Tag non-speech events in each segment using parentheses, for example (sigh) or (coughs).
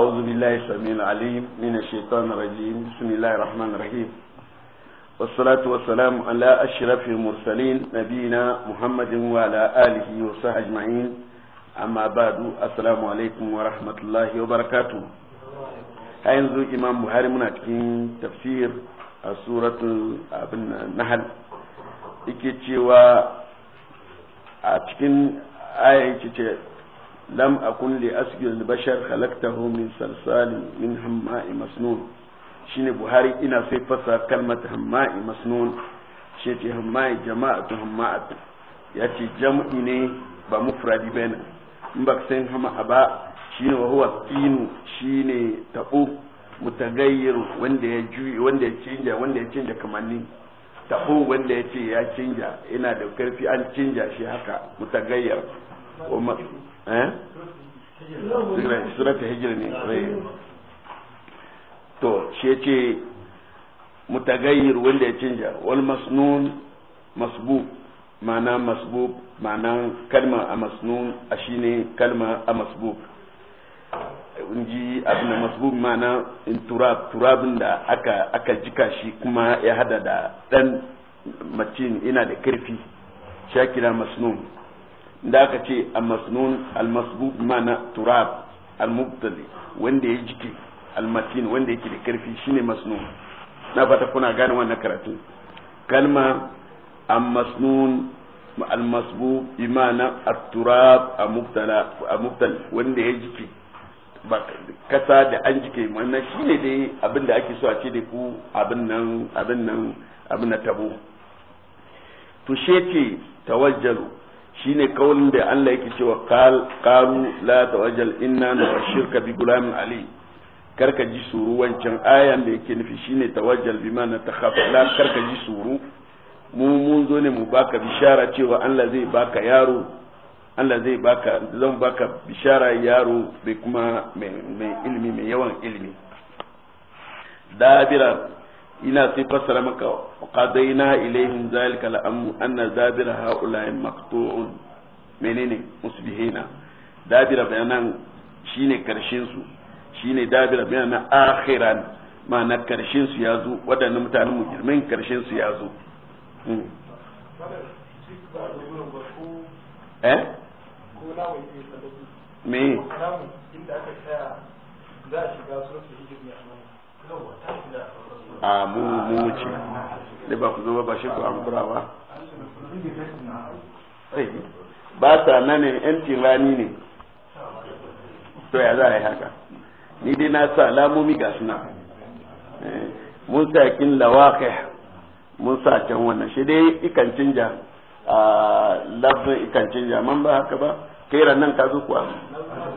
أعوذ بالله السميع العليم من الشيطان الرجيم بسم الله الرحمن الرحيم والصلاة والسلام على أشرف المرسلين نبينا محمد وعلى آله وصحبه أجمعين أما بعد السلام عليكم ورحمة الله وبركاته هينزو إمام بخاري مناتكين تفسير سورة النحل إكي تشيوا أتكين آية lam a li asjud bashar khalaqtahu min salsal min hamma'i masnun shine buhari ina sai fasa kalmar hamma'i masnun shi ce hamma'i jama'atu hamma'atu ya ce jam'i ne ba mufradi bane in ba san hama'a ba shine wa huwa tinu shine tabo mutagayyir wanda ya juyi wanda ya canja wanda ya wanda ya ce ya canja yana da karfi an canja shi haka mutagayyar Eh? surata hijira ne to shi ya ce mutagayyir wanda ya canja wal masnun masbub ma'ana masbub ma'ana kalma a masnun a shine kalma a masbub in ji abin masbub ma'ana in turab turabin da aka aka jika shi kuma ya hada da dan macin ina da karfi shakira masnun da aka ce a masnun almasbub mana turab almubtali wanda ya jike almatin wanda yake da karfi shine masnun na fata kuna gane wannan karatu kalma masnun almasbub imana at-turab amubtala amubtal wanda ya jike ba kasa da an jike wannan shine dai abin da ake so a ce da ku abin nan abin nan abin na tabo to sheke tawajjalu shine kaulin da Allah yake cewa qalu la wajal inna shirka bi gulamin ali karka ji suru wancan ayan da yake nufi shine bi mana ta takhaf la karka ji suru mu mun zo ne mu baka bishara cewa Allah zai baka yaro Allah zai baka zan baka bishara yaro bai kuma mai ilimi mai yawan ilimi dabira ina sai fassara maka qadaina ilaihim zalika al'am anna dabir ha'ula'in maqtu'un menene musbihina dabira bayanan shine karshen su shine dabira bayanan akhiran ma'ana karshen su ya zo waɗannan mutanen girman karshen su ya zo hmm. eh me inda aka tsaya za a shiga suratul hijr ne a nan a mu da ba ku zo ba shi ku ambura ba ba sa nan ne yan tirani ne to ya za a yi haka ni dai na sa lamomi ga suna eh, mun sa kin lawaƙi mun sa can wannan shi dai ikan canja a lafin ikan canja man ba haka ba kera nan ka zo kuwa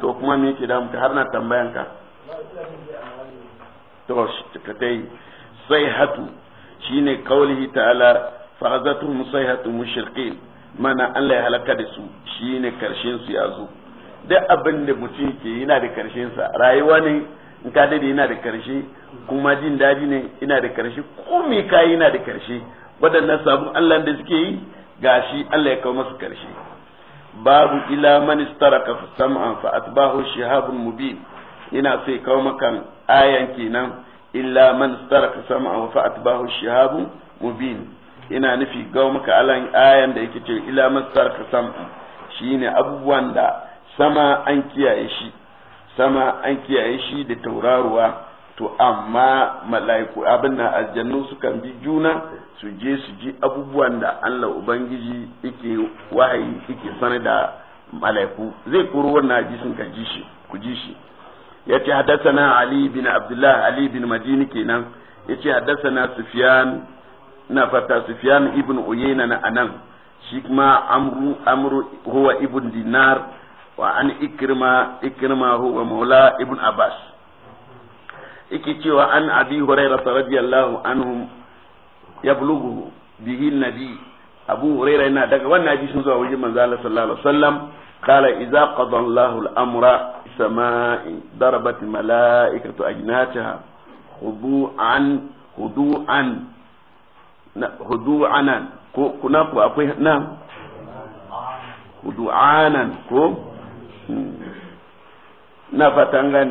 to kuma me ke damu mutu har na tambayan ka to ka sayhatu shine kaulihi ta'ala fa'azatuhum musayhatu mushrikin mana Allah ya halaka da su shine karshen su yazo zo duk abin da mutum ke yana da karshen sa rayuwa ne in ka dade yana da karshe kuma jin daɗi ne yana da karshe ko me kai yana da karshe waɗannan sabon Allah da suke yi gashi Allah ya kawo masu karshe babu ila man istaraka sam'an fa atbahu shihabun mubin ina sai kawo makan ayan kenan illa man taraka sam'ahu fa atbahu shihabun mubin ina nufi ga maka alan ayan da yake ce illa man taraka sam'a shine abubuwan da sama an kiyaye shi sama an kiyaye shi da tauraruwa to amma mala'iku abin da aljannu sukan bi juna su je su ji abubuwan da Allah ubangiji yake wahayi yake sanar da mala'iku zai koro wannan hadisin ka ji shi ku ji shi yace haddathana ali bin abdullah ali bin madini kenan yace haddathana sufyan na fata sufyan ibn uyayna na anan shi kuma amru amru huwa ibn dinar wa an ikrima ikrima huwa maula ibn abbas yake cewa an abi hurairah radiyallahu anhu yablughu bihi nabi abu hurairah yana daga wannan hadisi zuwa wajen manzo Allah sallallahu alaihi wasallam qala idza qada Allahu al-amra السماء ضربت ملائكة أجناتها خضوعا خضوعا خضوعا كنقوا أقوي نعم خضوعا كو نفتن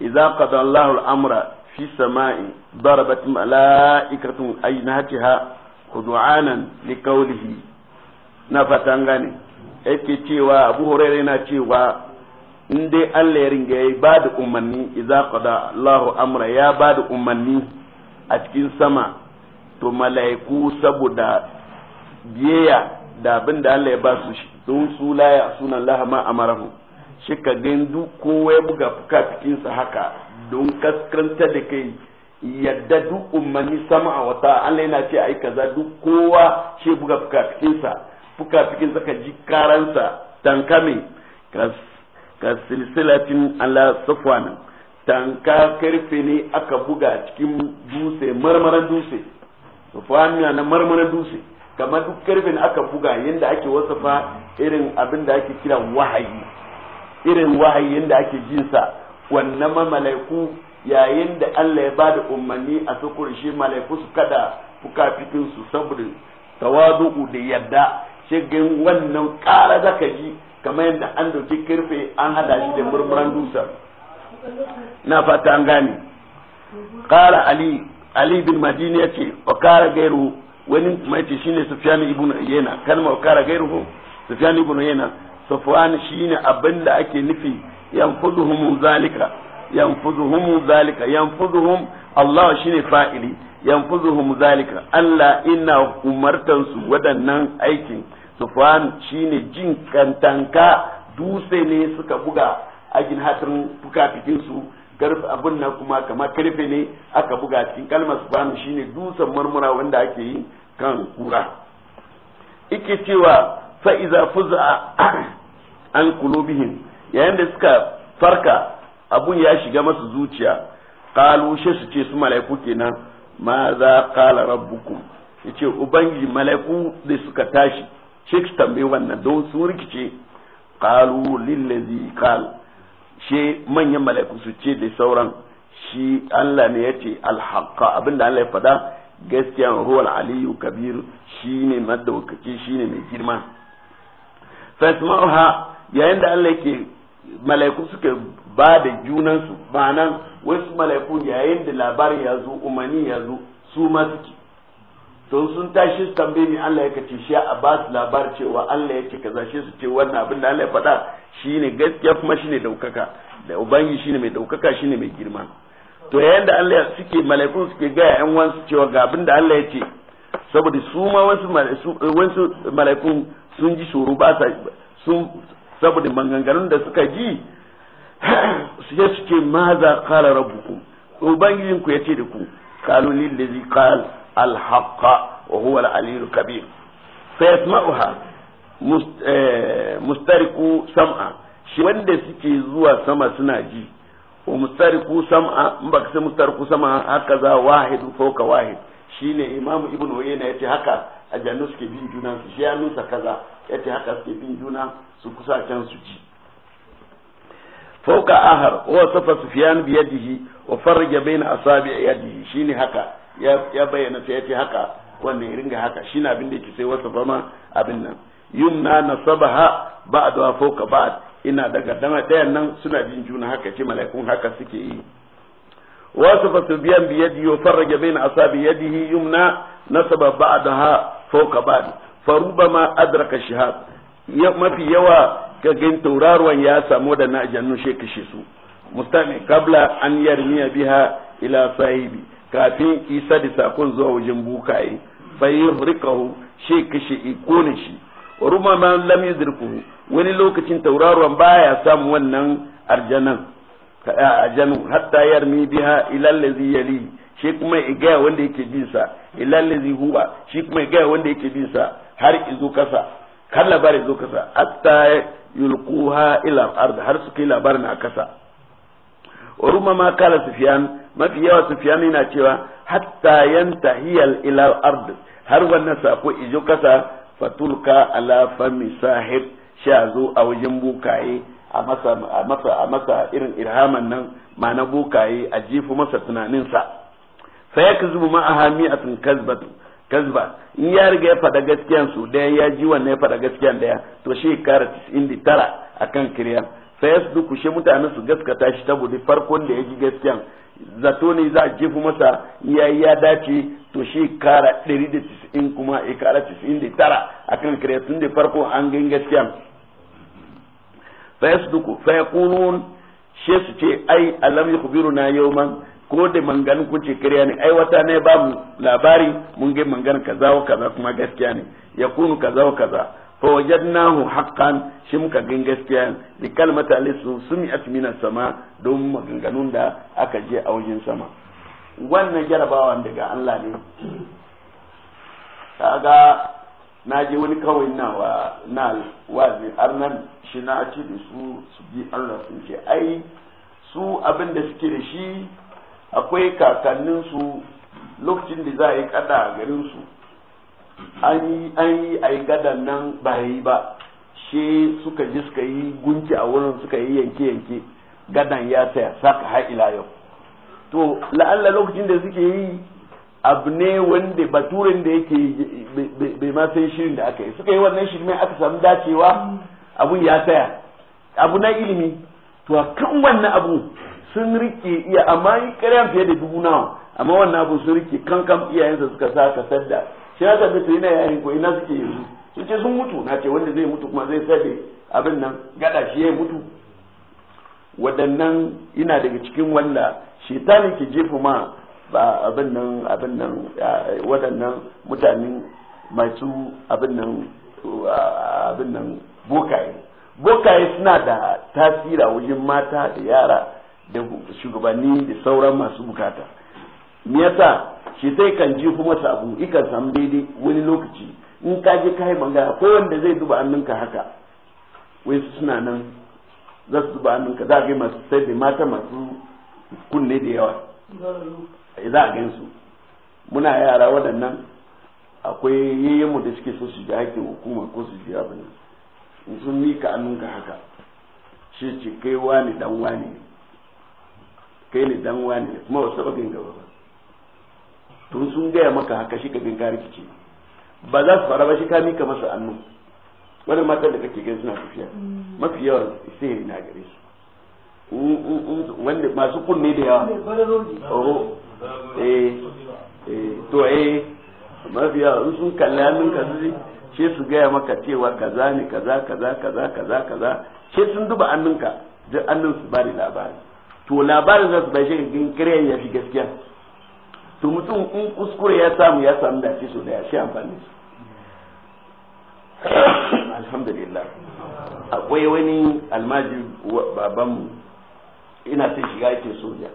إذا قضى الله الأمر في السماء ضربت ملائكة أجناتها خضوعا لقوله نفتن غني yake cewa abu hurairah na cewa in dai Allah ya ringa ya ba da umarni idza qada Allahu amra ya ba da umarni a cikin sama to mala'iku saboda biyayya da abin da Allah ya ba su don su laya sunan Allah ma amarahu shi ka gan duk kowa ya buga fuka cikin sa haka don kaskanta da kai yadda duk umarni sama a wata Allah yana ce ai kaza duk kowa shi buga fuka cikin sa fuka cikin sa ka ji karansa tankame ka ka silsilatin ala safwan tanka karfe ne aka buga cikin dutse marmaran dutse safwan na marmaran dutse kamar duk karfe ne aka buga yadda ake wasafa irin abin da ake kira wahayi irin wahayi yadda ake jinsa wannan mamalaiku yayin da Allah ya ba da umarni a sukurshi malaiku su kada fitin su saboda tawazu da yadda shigin wannan ƙara zaka ji kamar yadda an doki karfe an hada shi da murmuran dusa na fata an gane qala ali ali bin madini ce wa qala gairu wani mai ce shine sufyan ibn yana kalma wa qala gairu sufyan ibn yana sufwan shine abinda ake nufi yanfuduhum zalika yanfuduhum zalika yanfuduhum Allah shine fa'ili yanfuduhum zalika Allah inna umartansu waɗannan aikin sufan shine jin kantanka dutse ne suka buga ajin hatirin fukafikin su abin nan kuma kamar karfe ne aka buga cikin kalmar sufan shine dutsen marmara wanda ake yi kan kura ike cewa fa'iza fuza (coughs) an kulubihim yayin da suka farka abun ya shiga masu zuciya kalu shi su ce su mala'iku kenan ma za kala rabbukum yace ubangiji mala'iku da suka tashi shi su tambaye wannan don sun rikice qalu lillazi qal shi manyan mala'iku su ce da sauran shi Allah ne yace alhaqa abinda Allah ya fada gaskiya ruwal aliyu kabir shine madaukaci shine mai girma fasma'uha yayin da Allah yake mala'iku suke ba da junansu ba nan wasu mala'iku yayin da labarin ya zo umarni ya zo su ma suke to sun tashi su tambaye ni Allah ya ce shi a ba su labar cewa Allah ya ce kaza shi su ce wannan abin da Allah ya faɗa shine gaskiya kuma shine daukaka da ubangi shine mai daukaka shine mai girma to yayin da Allah suke malaiku suke ga yan wansu cewa ga abin da Allah ya ce saboda su ma wasu wasu malaiku sun ji tsoro ba sa sun saboda manganganun da suka ji (clears throat) su ya suke ma za qala rabbukum ubangijinku ya ce da ku lil lillazi qala الحق وهو العلي الكبير فيسمعها mustariku sam'a shi wanda suke zuwa sama suna ji wa mustariku sam'a in baka mustariku sam'a haka za wahidu shine imamu ibnu uyayna yace haka ajannu suke bin juna su shi ya nusa kaza yace haka suke bin juna su kusa can su ji fawka ahar wa safa sufyan bi yadihi wa asabi yadihi shine haka ya bayyana sai ya haka wannan irin ga haka shine abin da yake sai wasa bama abin nan yumna nasabaha ba'da fawqa ba'd ina daga dama dayan nan suna jin juna haka ce mala'ikun haka suke yi wasu wasafa biyan bi yadi yufarraj bayna asabi yadihi yumna nasaba ba'daha ba ba'd farubama adraka shihab mafi yawa gani tauraruwan ya samu da na jannu shi kashe su mustami kabla an yarmiya biha ila sahibi kafin isa da sakon zuwa wajen bukaye fayyar rikahu shi kashe ikonin shi ruma ma lam yudriku wani lokacin tauraron baya samu wannan arjanan arjanu hatta yarmi biha ila allazi yali shi kuma iga wanda yake bin sa ila allazi huwa shi kuma iga wanda yake bin sa har izo kasa har labarin zo kasa hatta yulquha ila ard har su kai labarin a kasa ruma ma kala sufyan mafi yawa fiya na cewa hatta hiyal ila ard har wannan sako ijo kasa fatulka ala fami sahib sha zo a wajen bukaye a masa a masa a masa irin irhaman nan ma na bukaye a jifu masa tunaninsa sa fa yakzubu ma ahamiyatin kazbatu kazba in ya riga ya faɗa gaskiyan su daya ya ji wannan ya faɗa gaskiyan daya to shi kara 99 akan kiriya fa yasduku shi mutane su gaskata shi ta farkon da ya ji gaskiyan zato ne za a jefu masa ya ya dace to shi kara 190 kuma ya kara 99 akan kare tun da farko an gan gaskiya fa duku fa yaqulun shi su ce ai alam yau man ko da manganin ku ce kariya ne ai wata ne ba mu labari mun gai mangan kaza wa kaza kuma gaskiya ne yakunu kaza wa kaza fawajadnahu haqqan shi muka gan gaskiya ni kalmata alisu sumi'at min sama don maganganun da aka je a wajen sama wannan jarabawan daga Allah ne kaga na je wani kawai na wa na wazi arnan shi na ci da su su bi Allah sun ce ai su abin da suke da shi akwai kakanninsu lokacin da za a yi kada a garinsu an yi an yi a gadan nan ba yi ba she suka ji suka yi gunki a wurin suka yi yanke yanke gadan ya tsaya saka har ila yau to la'alla lokacin da suke yi abu ne wanda baturin da yake bai ma san shirin da aka yi suka yi wannan shirme aka samu dacewa abun ya tsaya abu na ilimi to a kan wannan abu sun rike iya amma yi fiye da dubu nawa amma wannan abu sun rike kankan iyayensa suka sa ka sadda shi ya sami to ina yayin ko ina suke yanzu sun ce sun mutu na ce wanda zai mutu kuma zai sabe abin nan gada shi ya mutu waɗannan ina daga cikin wanda shaitani ke jefa ma ba abin nan abin nan waɗannan mutane masu abin nan abin nan bokaye bokaye suna da tasira wajen mata da yara da shugabanni da sauran masu bukata me yasa shi sai kan ji kuma masa abu ikan samu daidai wani lokaci in ka je ka yi magana ko wanda zai duba annunka haka wai suna nan za su duba annunka za a ga masu sai da mata masu kunne da yawa eh, za a gan su muna yara waɗannan akwai yayyen mu da suke so su ji hakkin hukuma ko su ji abin in sun mika annunka haka shi ce kai wani dan wani kai ne dan wani kuma wasu bagin gaba to sun gaya maka haka shi ka bin ka rikici ba za su fara ba shi ka mika masa annu wani matan da kake gani suna tafiya mm. mafi yawan sihiri na gare su mm, mm, wanda masu kunne da yawa oho eh, eh to eh mafi yawan sun kalla hannun ka su ce su gaya maka cewa kaza ne kaza kaza kaza kaza kaza ce sun duba ka duk annun su bari labari to labarin za su bai shi gin ya fi gaskiya to mutum in kuskure ya samu ya samu da so da ya shi amfani su (coughs) alhamdulillah akwai wani baban babanmu ina sai shiga yake soja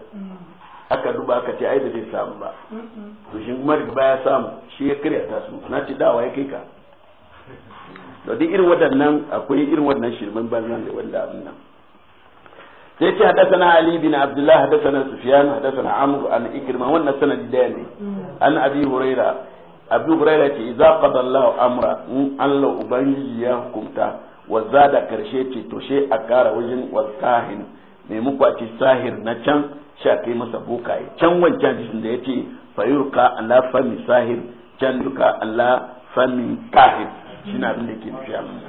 aka duba aka ce ai ba zai samu ba to shi kuma riga ya samu shi ya kare ta su na ce dawa ya kai ka to duk irin waɗannan akwai irin waɗannan shirman banzan da wanda abin nan sai ce na ali bin abdullah hadathana sufyan hadathana amr an ikrima wannan sanadi daya ne an abi huraira abi huraira ce idza qada allah amra in allah ubangiji ya hukunta wa zada karshe ce to a kara wajen wasahin mai muku a ce sahir na can sha kai masa bokaye can wancan jisun da ya ce fayurka ala fami sahir can duka allah fami kahir shi na abin da ke nufi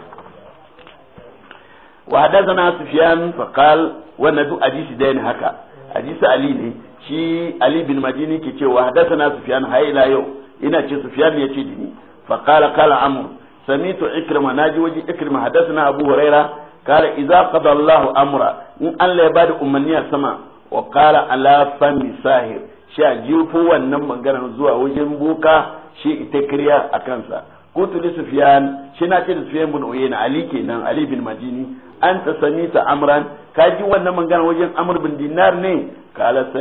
wa hadathana sufyan fa qal wannan duk hadisi da ne haka hadisi ali ne shi ali bin madini ke ce wa hadathana sufyan hayla yau ina ce sufyan ya ce kala fa qala qala amr samitu ikrima naji waji ikrima na abu huraira qala idza qada allah amra in Allah ya bada umarni a sama wa qala ala fami shi a jifo wannan maganar zuwa wajen boka shi ita kiriya a kansa kutu li sufyan shi na ce da sufyan bin uyayna ali kenan ali bin madini an ta sami ta amran ka ji wannan magana wajen amr bin dinar ne kala tu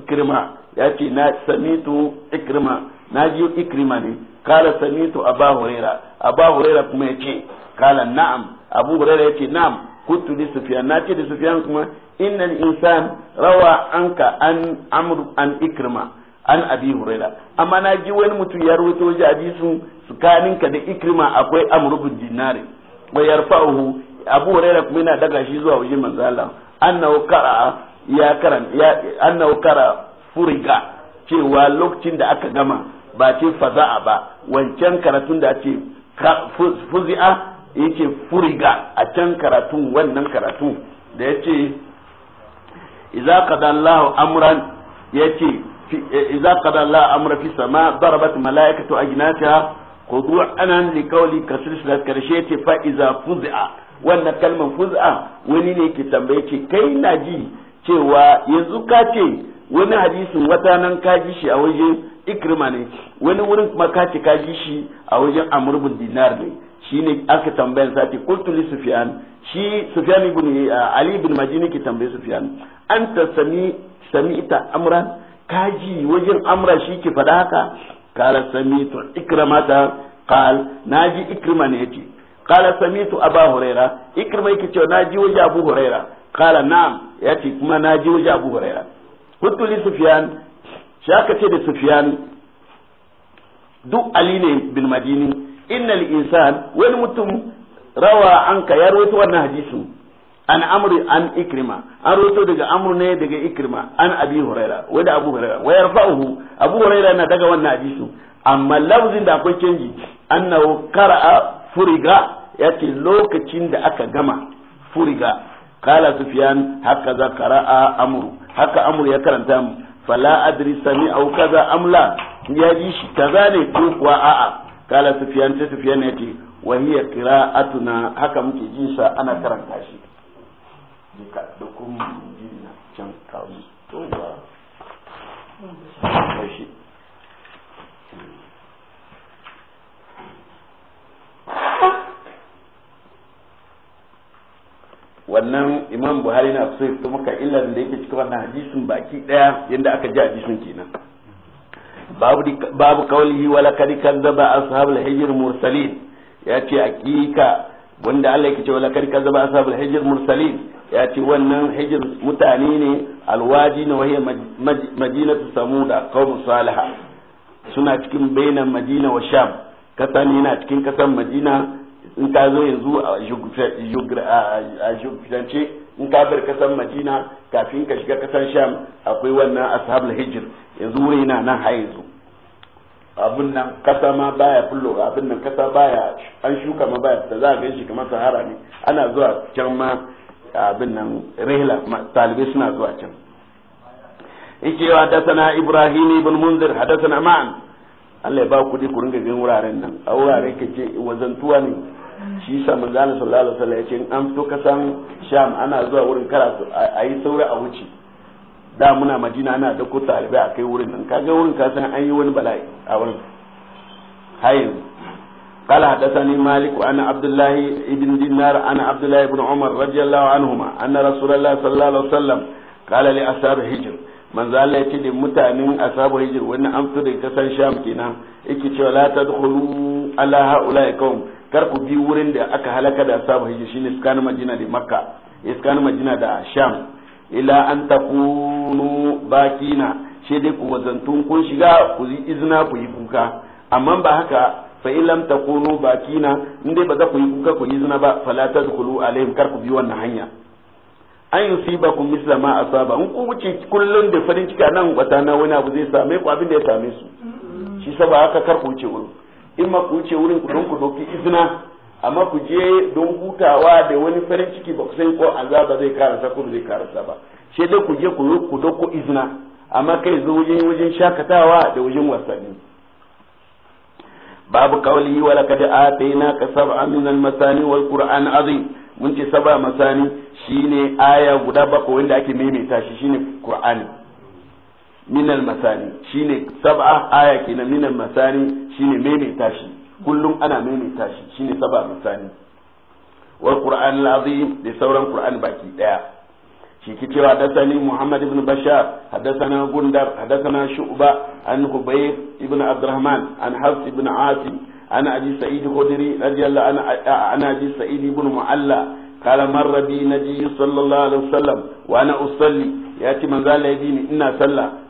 ikrima ya ce na sami tu ikrima na ji ikrima ne kala tu aba huraira aba huraira kuma ya ce kala na'am abu huraira ya ce na'am kuntu li sufyan na ce da sufyan kuma innal insan rawa anka an amr an ikrima an abi huraira amma na ji wani mutum ya rawaito wajen hadisin tsakaninka da ikrima akwai amr bin dinar wa yarfa'uhu abu da kuma yana daga shi zuwa wajen manzo Allah annahu qara ya karan ya annahu qara furiga cewa lokacin da aka gama ba ce faza'a ba wancan karatun da ake fuzi'a yace furiga a can karatun wannan karatu da yace idza qada Allahu amran yace idza qada Allahu amra fi sama darabat malaikatu ajnatiha khudu'an li qawli salat karshe yace fa idza fuzi'a wannan kalman fuz'a wani ne ke tambaye ce kai na ji cewa yanzu ka ce wani hadisin wata nan ka ji shi a wajen ikrima ne wani wurin kuma ka ce ka ji shi a wajen amurbin dinar ne shi ne aka tambayan sati kultuli sufiyan shi sufiyan ibn eh, ali ibn majini ke tambaye sufiyan an ta sami sami ita amran ka ji wajen amra shi ke faɗa haka kala sami to ta qal naji ikrima ne yace qala samitu aba huraira ikrima yake cewa ji waje abu huraira qala na'am yace kuma na ji waje abu huraira kuntu li sufyan shaka ce da sufyan duk ali ne bin madini innal insan wani mutum rawa an ka ya rawaito wannan hadisin an amri an ikrima an rawaito daga amru ne daga ikrima an abi huraira wai da abu huraira wa yarfa'uhu abu huraira na daga wannan hadisin amma lafzin da akwai canji an na annahu a. furiga ya ce lokacin da aka gama furiga kala fiya haka za qara'a amru haka amur ya karanta mu fala adri sami'u kaza amla ya ji shi kaza ne ko kuwa a'a kala sufyan ta sufyan yace wa hiya qira'atuna haka muke jin sa ana karanta shi da jin can to ba wannan imam buhari na so ya maka illar da yake cikin wannan hadisin baki daya yanda aka ji hadisin kenan babu babu qawlihi wala kadi kazzaba ashabul hijr mursalin yace hakika wanda Allah yake ce wala kadi kazzaba ashabul hijr mursalin yace wannan hijr mutane ne alwaji ne su madinatu samuda kawun salihah suna cikin bainan madina wa sham kasa ne yana cikin kasan madina in ka zo yanzu a shugfitance in ka bar kasan madina kafin ka shiga kasan sham akwai wannan ashabul hijir yanzu wuri na nan har yanzu abin nan kasa ma baya fullo abin nan kasa baya an shuka ma baya da za a gan shi kamar sahara ne ana zuwa can ma abin nan rehla talibai suna zuwa can yake wa dasana ibrahim ibn munzir hadasana ma'an Allah ya ba ku ku ganin wuraren nan a wurare kake wazantuwa ne shi sa manzana sallallahu alaihi wasallam yace in an fito kasan sham ana zuwa wurin karatu ayi saura a wuce da muna madina ana da ko talibai a kai wurin nan kaga wurin ka san an yi wani bala'i a wurin hayin قال حدثني مالك عن عبد الله بن دينار عن عبد الله بن عمر رضي الله عنهما أن رسول الله صلى الله عليه وسلم قال لأصحاب هجر manzo Allah ya ce da mutanen ashabu hijir wani an fito da kasan sham kenan yake cewa la tadkhulu ala haula kar ku bi wurin da aka halaka da sabu hijir shine iskan madina da makka iskan madina da sham ila an takunu bakina shi dai ku wazantun kun shiga ku yi izina ku yi kuka amma ba haka fa illam takunu bakina inda ba za ku yi kuka ku yi izina ba fala tadkhulu alaihim kar ku bi wannan hanya an yusibakum misla ma asaba in ku wuce kullun da farin ciki nan wata na wani abu zai same ku abin da ya same su shi saboda haka kar ku wuce wurin in ma ku wuce wurin don ku dauki izina amma ku je don hutawa da wani farin ciki ba ku san ko azaba zai karasa ko zai karasa ba sai dai ku je ku ku dauko izina amma kai zo wajen wajen shakatawa da wajen wasanni babu qawli wa laqad atayna ka sab'a min al-masani wal qur'an azim mun ce sab'a masani shine aya guda bakwai wanda ake maimaita shi shine qur'ani minal masani shine sab'a aya kenan minal masani shine maimaita shi kullum ana maimaita shi shine sab'a masani wal qur'an al-azim da sauran qur'an baki daya shi ke cewa hadasani Muhammad ibn Bashar hadasana Gundar hadasana Shu'ba an Hubayb ibn Abdurrahman an Hafs ibn Asim an Abi Sa'id Khudri radiyallahu anhu an Abi Sa'id ibn Mu'alla qala marra bi nabiy sallallahu alaihi wasallam wa ana usalli yati man zala yadini ina sallah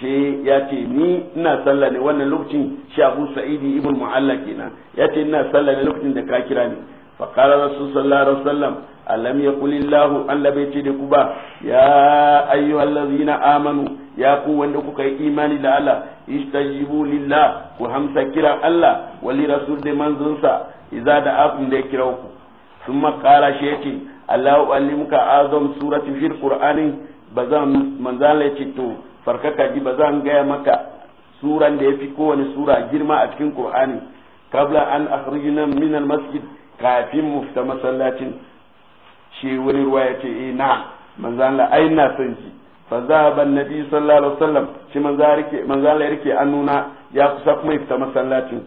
ce ya ce ni ina sallah ne wannan lokacin shi abu sa'idi ibn mu'alla kenan ya ce ina sallah ne lokacin da ka kira ni fa qala rasul sallallahu alaihi wasallam alam yaqul illahu an labaiti da ba ya ayyuhallazina amanu ya ku wanda kuka yi imani da Allah istajibu lillah ku hamsa kiran Allah wali rasul da manzonsa idza da akun da ya kira ku thumma qala shi yace Allahu alimuka azam surati fil qur'ani bazan manzala yace to farkaka ji ba zan gaya maka suran da ya fi kowane sura girma a cikin ƙur'ani kabla an akhrijna min al-masjid kafin mu fita masallacin shi wani ruwa ya ce eh na manzo Allah ai na san shi fa zahaba annabi sallallahu alaihi wasallam shi manzo rike manzo Allah rike annuna ya kusa kuma fita masallacin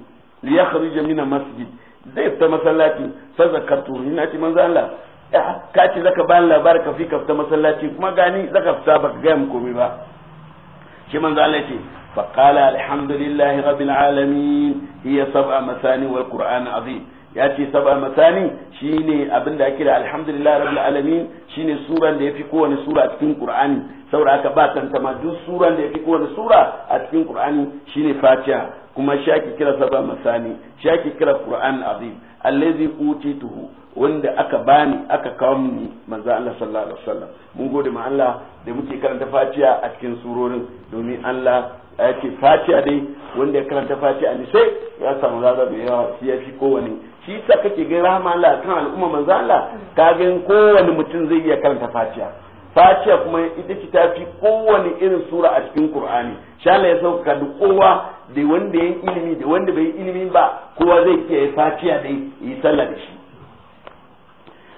li yakhrij min al-masjid zai fita masallacin fa zakartu ina na ce manzo Allah eh, ka ce zaka bayan labar ka fi ka fita masallaci kuma gani zaka fita baka ga mu komai ba shi manzo Allah ce fa qala alhamdulillahi rabbil alamin hiya sab'a masani wal qur'an azim ya ce sab'a masani shine abin da ake da alhamdulillahi rabbil alamin shine suran da yafi kowane sura a cikin qur'ani saboda aka ba tantama duk suran da yafi kowane sura a cikin qur'ani shine fatiha kuma shi ake kira sab'a masani shi ake kira qur'an azim allazi utituhu wanda aka bani aka kawo mu manzo Allah sallallahu alaihi wasallam mun gode ma Allah da muke karanta Fatiha a cikin surorin domin Allah ya ce Fatiha dai wanda ya karanta Fatiha ne sai ya samu zaza da yawa shi ya fi kowane shi sa kake ga rahama Allah kan al'umma manzo Allah ka ga kowane mutum zai iya karanta Fatiha fatiha kuma ita ce tafi kowane irin sura a cikin qur'ani sha Allah ya sauka duk kowa da wanda yayin ilimi da wanda bai ilimi ba kowa zai kiyaye fatiha dai yi sallah da shi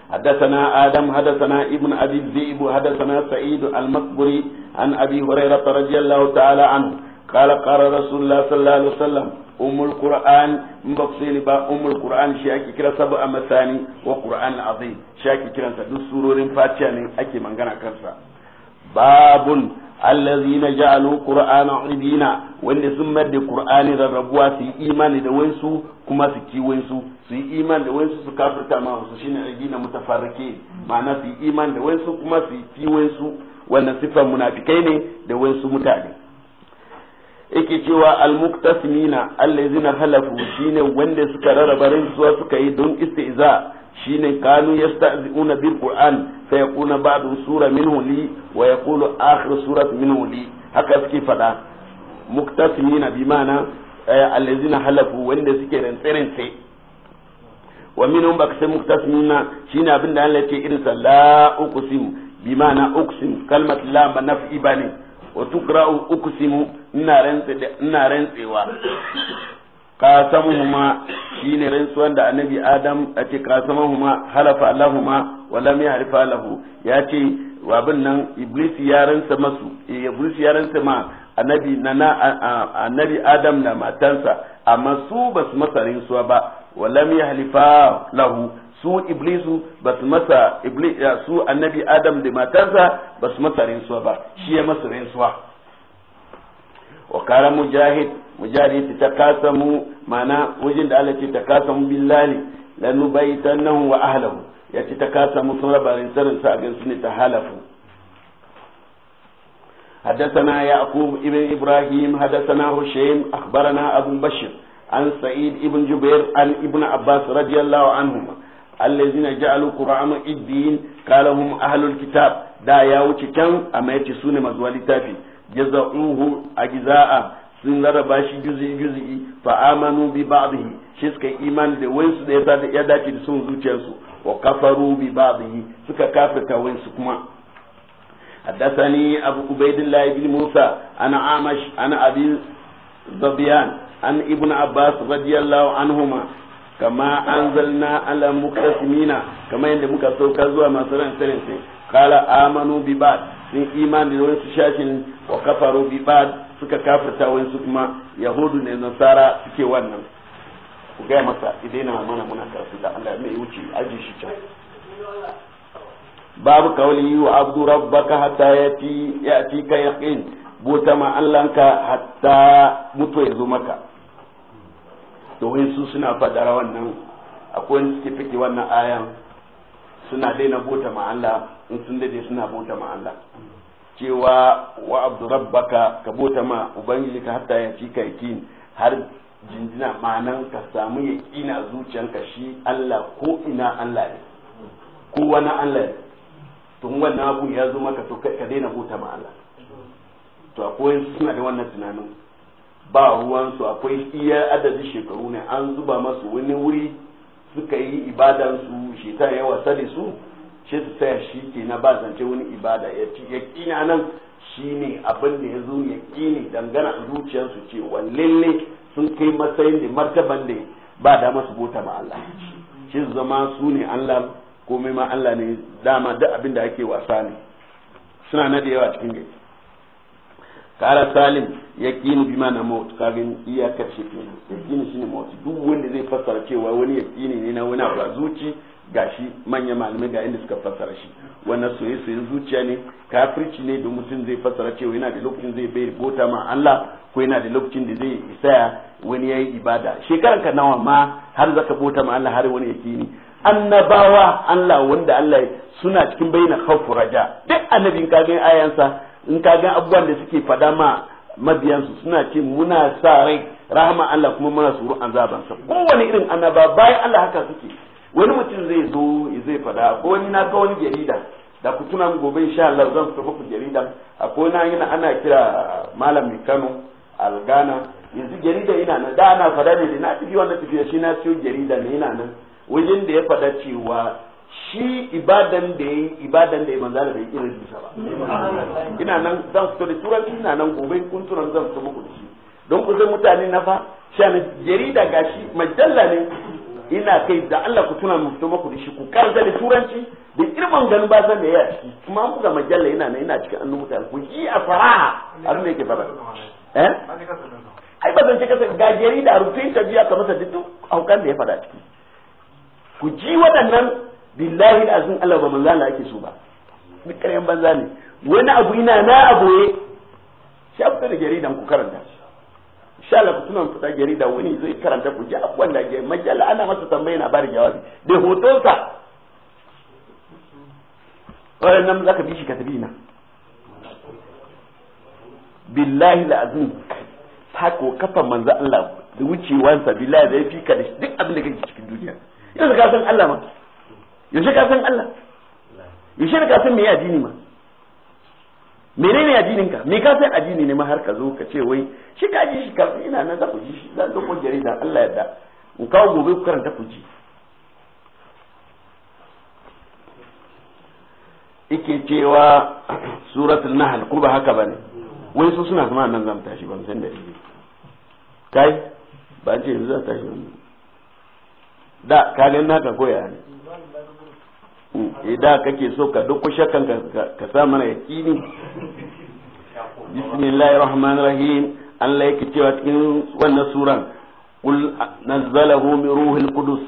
حدثنا آدم حدثنا ابن أبي الذئب حدثنا سعيد المقبري عن أبي هريرة رضي الله تعالى عنه قال قال رسول الله صلى الله عليه وسلم أم القرآن مبصيل با أم القرآن شاكي كرا سبع مثاني وقرآن عظيم شاكي كرا سدو سرور فاتحاني أكي من غنى كرسا باب الذين جعلوا القرآن عبين وإن ثم القرآن ربوا في إيمان دوينسو كما في وينسو في إيمان دوينسو سكافر كما وسوشين عبين متفرقين معنى في إيمان دوينسو كما في وينسو وأن صفة منافقين دوينسو متعلق yake cewa almuktasimina allazina halafu shine wanda suka rarraba rantsuwa suka yi don istiza shine kanu yasta'zuna bil qur'an fa yakuna ba'du sura minhu li wa yaqulu akhir surati minhu li haka suke fada muktasimina bi ma'ana eh, allazina halafu wanda suke rantsi rantsi wa minhum baksa muktasimina shine abinda Allah ya ce irin salla uqsim bi ma'ana uqsim kalmat la manaf'i bani wa tukra'u uqsimu ina rantsa ina rantsewa qasamuhuma shine rantsuwan da annabi adam a ce ace qasamuhuma halafa allahuma wa lam yahrifa lahu yace abin nan iblis ya rantsa masu eh, iblis ya rantsa ma annabi nana annabi adam da matansa amma su basu masa rantsuwa ba wa lam yahlifa lahu su iblisu ba su masa su annabi adam da matarsa ba su masa rinsuwa ba shi ya masa rinsuwa wa kara mujahid mujahid ta kasa mu mana wajen da Allah ce ta kasa mu billahi lanubaytannahu wa ahlahu ya ce ta kasa mu sun raba rinsarin sa abin su ne ta halafu حدثنا يعقوب ابن ibrahim حدثنا هشيم أخبرنا أبو بشر عن سعيد ابن جبير عن ابن عباس رضي الله عنهما allazina ja'alu qur'ana iddin qala hum ahlul kitab da ya wuce can amma yace sune mazuwa littafi jaza'uhu ajza'a sun laraba shi juzi juzi fa amanu bi ba'dihi shi suka imani da wansu da ya dace da sun zuciyarsu wa kafaru bi ba'dihi suka kafirta wansu kuma حدثني أبو عبيد الله بن موسى أنا أعمش أنا أبي ظبيان عن ابن عباس رضي الله عنهما kama anzalna ala muqtasimina kama yadda muka sauka zuwa masu ran sanin sai qala amanu bi ba'd sun imani da wani shashin wa kafaru bi ba'd suka kafirta wani su kuma yahudu ne nasara suke wannan ku ga masa idaina mana muna karatu da Allah mai wuce aji shi can babu kauli wa abdu rabbaka hatta yati yaqin buta ma Allahnka hatta mutu ya maka to wai su suna fadara wannan akwai suke fike wannan ayan suna daina bota ma Allah in sun dade suna bota ma Allah cewa wa abdu rabbaka ka bota ma ubangiji ka hatta ya ci ka yakin har jinjina ma'anan ka samu yakina zuciyanka shi Allah ko ina Allah ne ko wani Allah ne tun wannan abu ya zo maka to ka daina bota ma Allah to akwai suna da wannan tunanin ba ruwansu akwai iya adadin shekaru ne an zuba masu wani wuri suka yi ibadansu shekaru ya wasa da su shi su saya shi ke na ba zance wani ibada ya ci ya kina nan shi ne abin da ya zo ya kini dangana zuciyarsu ce lalle sun kai matsayin da martaban da ba da masu bota ba Allah shi zama su ne Allah komai ma Allah ne dama duk abin da ake wasa ne suna na da yawa cikin gari kara salim ya kini bi mana mot kafin iya karshe kenan ya kini shi ne duk wanda zai fassara cewa wani ya kini ne na wani abu a zuci gashi manya malamai ga inda suka fassara shi wannan soye soyen zuciya ne kafirci ne da mutum zai fassara cewa yana da lokacin zai bai bota ma Allah ko yana da lokacin da zai isaya wani yayi ibada shekaran ka nawa ma har zaka bota ma Allah har wani ya kini annabawa Allah wanda Allah suna cikin bayyana khawfu raja duk annabin ka ayansa in ka ga abubuwan da suke fada ma mabiyansu suna ce muna sa rai rahama Allah kuma muna tsoro an zabansa kowane irin annaba bayan Allah haka suke wani mutum zai zo zai fada ko wani na ga wani jarida da ku tuna gobe insha Allah zan fita ku jarida akwai na yana ana kira malam Kano algana yanzu jarida ina nan da ana fada ne na tafi wannan tafiya shi na siyo jarida ne ina nan wajen da ya fada cewa shi ibadan da yayi ibadan da ya manzo da bai irin bisa ba ina nan zan fito da turanci ina nan gobe kun turan zan fito muku da shi don ku zai mutane na fa shan jarida gashi majalla ne ina kai da Allah ku tuna mu fito muku da shi ku karza da turanci da irman ganin ba zan da ya a ciki kuma an buga majalla ina nan ina cikin annu mutane ku ji a faraha abin da yake fara eh ai ba zan ce kasa ga jarida rufe ta biya ka masa duk aukan da ya fada ciki ku ji waɗannan billahi da azin Allah ba manzala ake so ba duk ƙaryan banza ne wani abu ina na aboye shi abu da jaridan ku karanta insha Allah ku tuna fita jarida wani zai karanta ku ji abubuwan da ke majalla ana masa tambaya na bada jawabi da hotonsa waɗannan nan ka bi shi ka tabi na billahi da azin ko kafa manzo Allah da wucewansa billahi zai fi ka da duk abin da kake cikin duniya yanzu ka san Allah ma yaushe ka san Allah yaushe ka san me addini ma menene addinin ka me ka san addini ne ma har ka zo ka ce wai shi ka ji shi ka ina nan za ku ji shi za zan dauko jarida Allah da in kawo gobe ku karanta ku ji ike cewa suratul nahl ko ba haka bane wai su suna zama nan zan tashi ban san da shi kai ba ce yanzu za tashi da kalin naka koya ne idan eh, kake so ka duk shakkan ka sa mana yakini bismillahir rahmanir rahim Allah yake cewa cikin wannan suran qul nazzalahu min ruhil qudus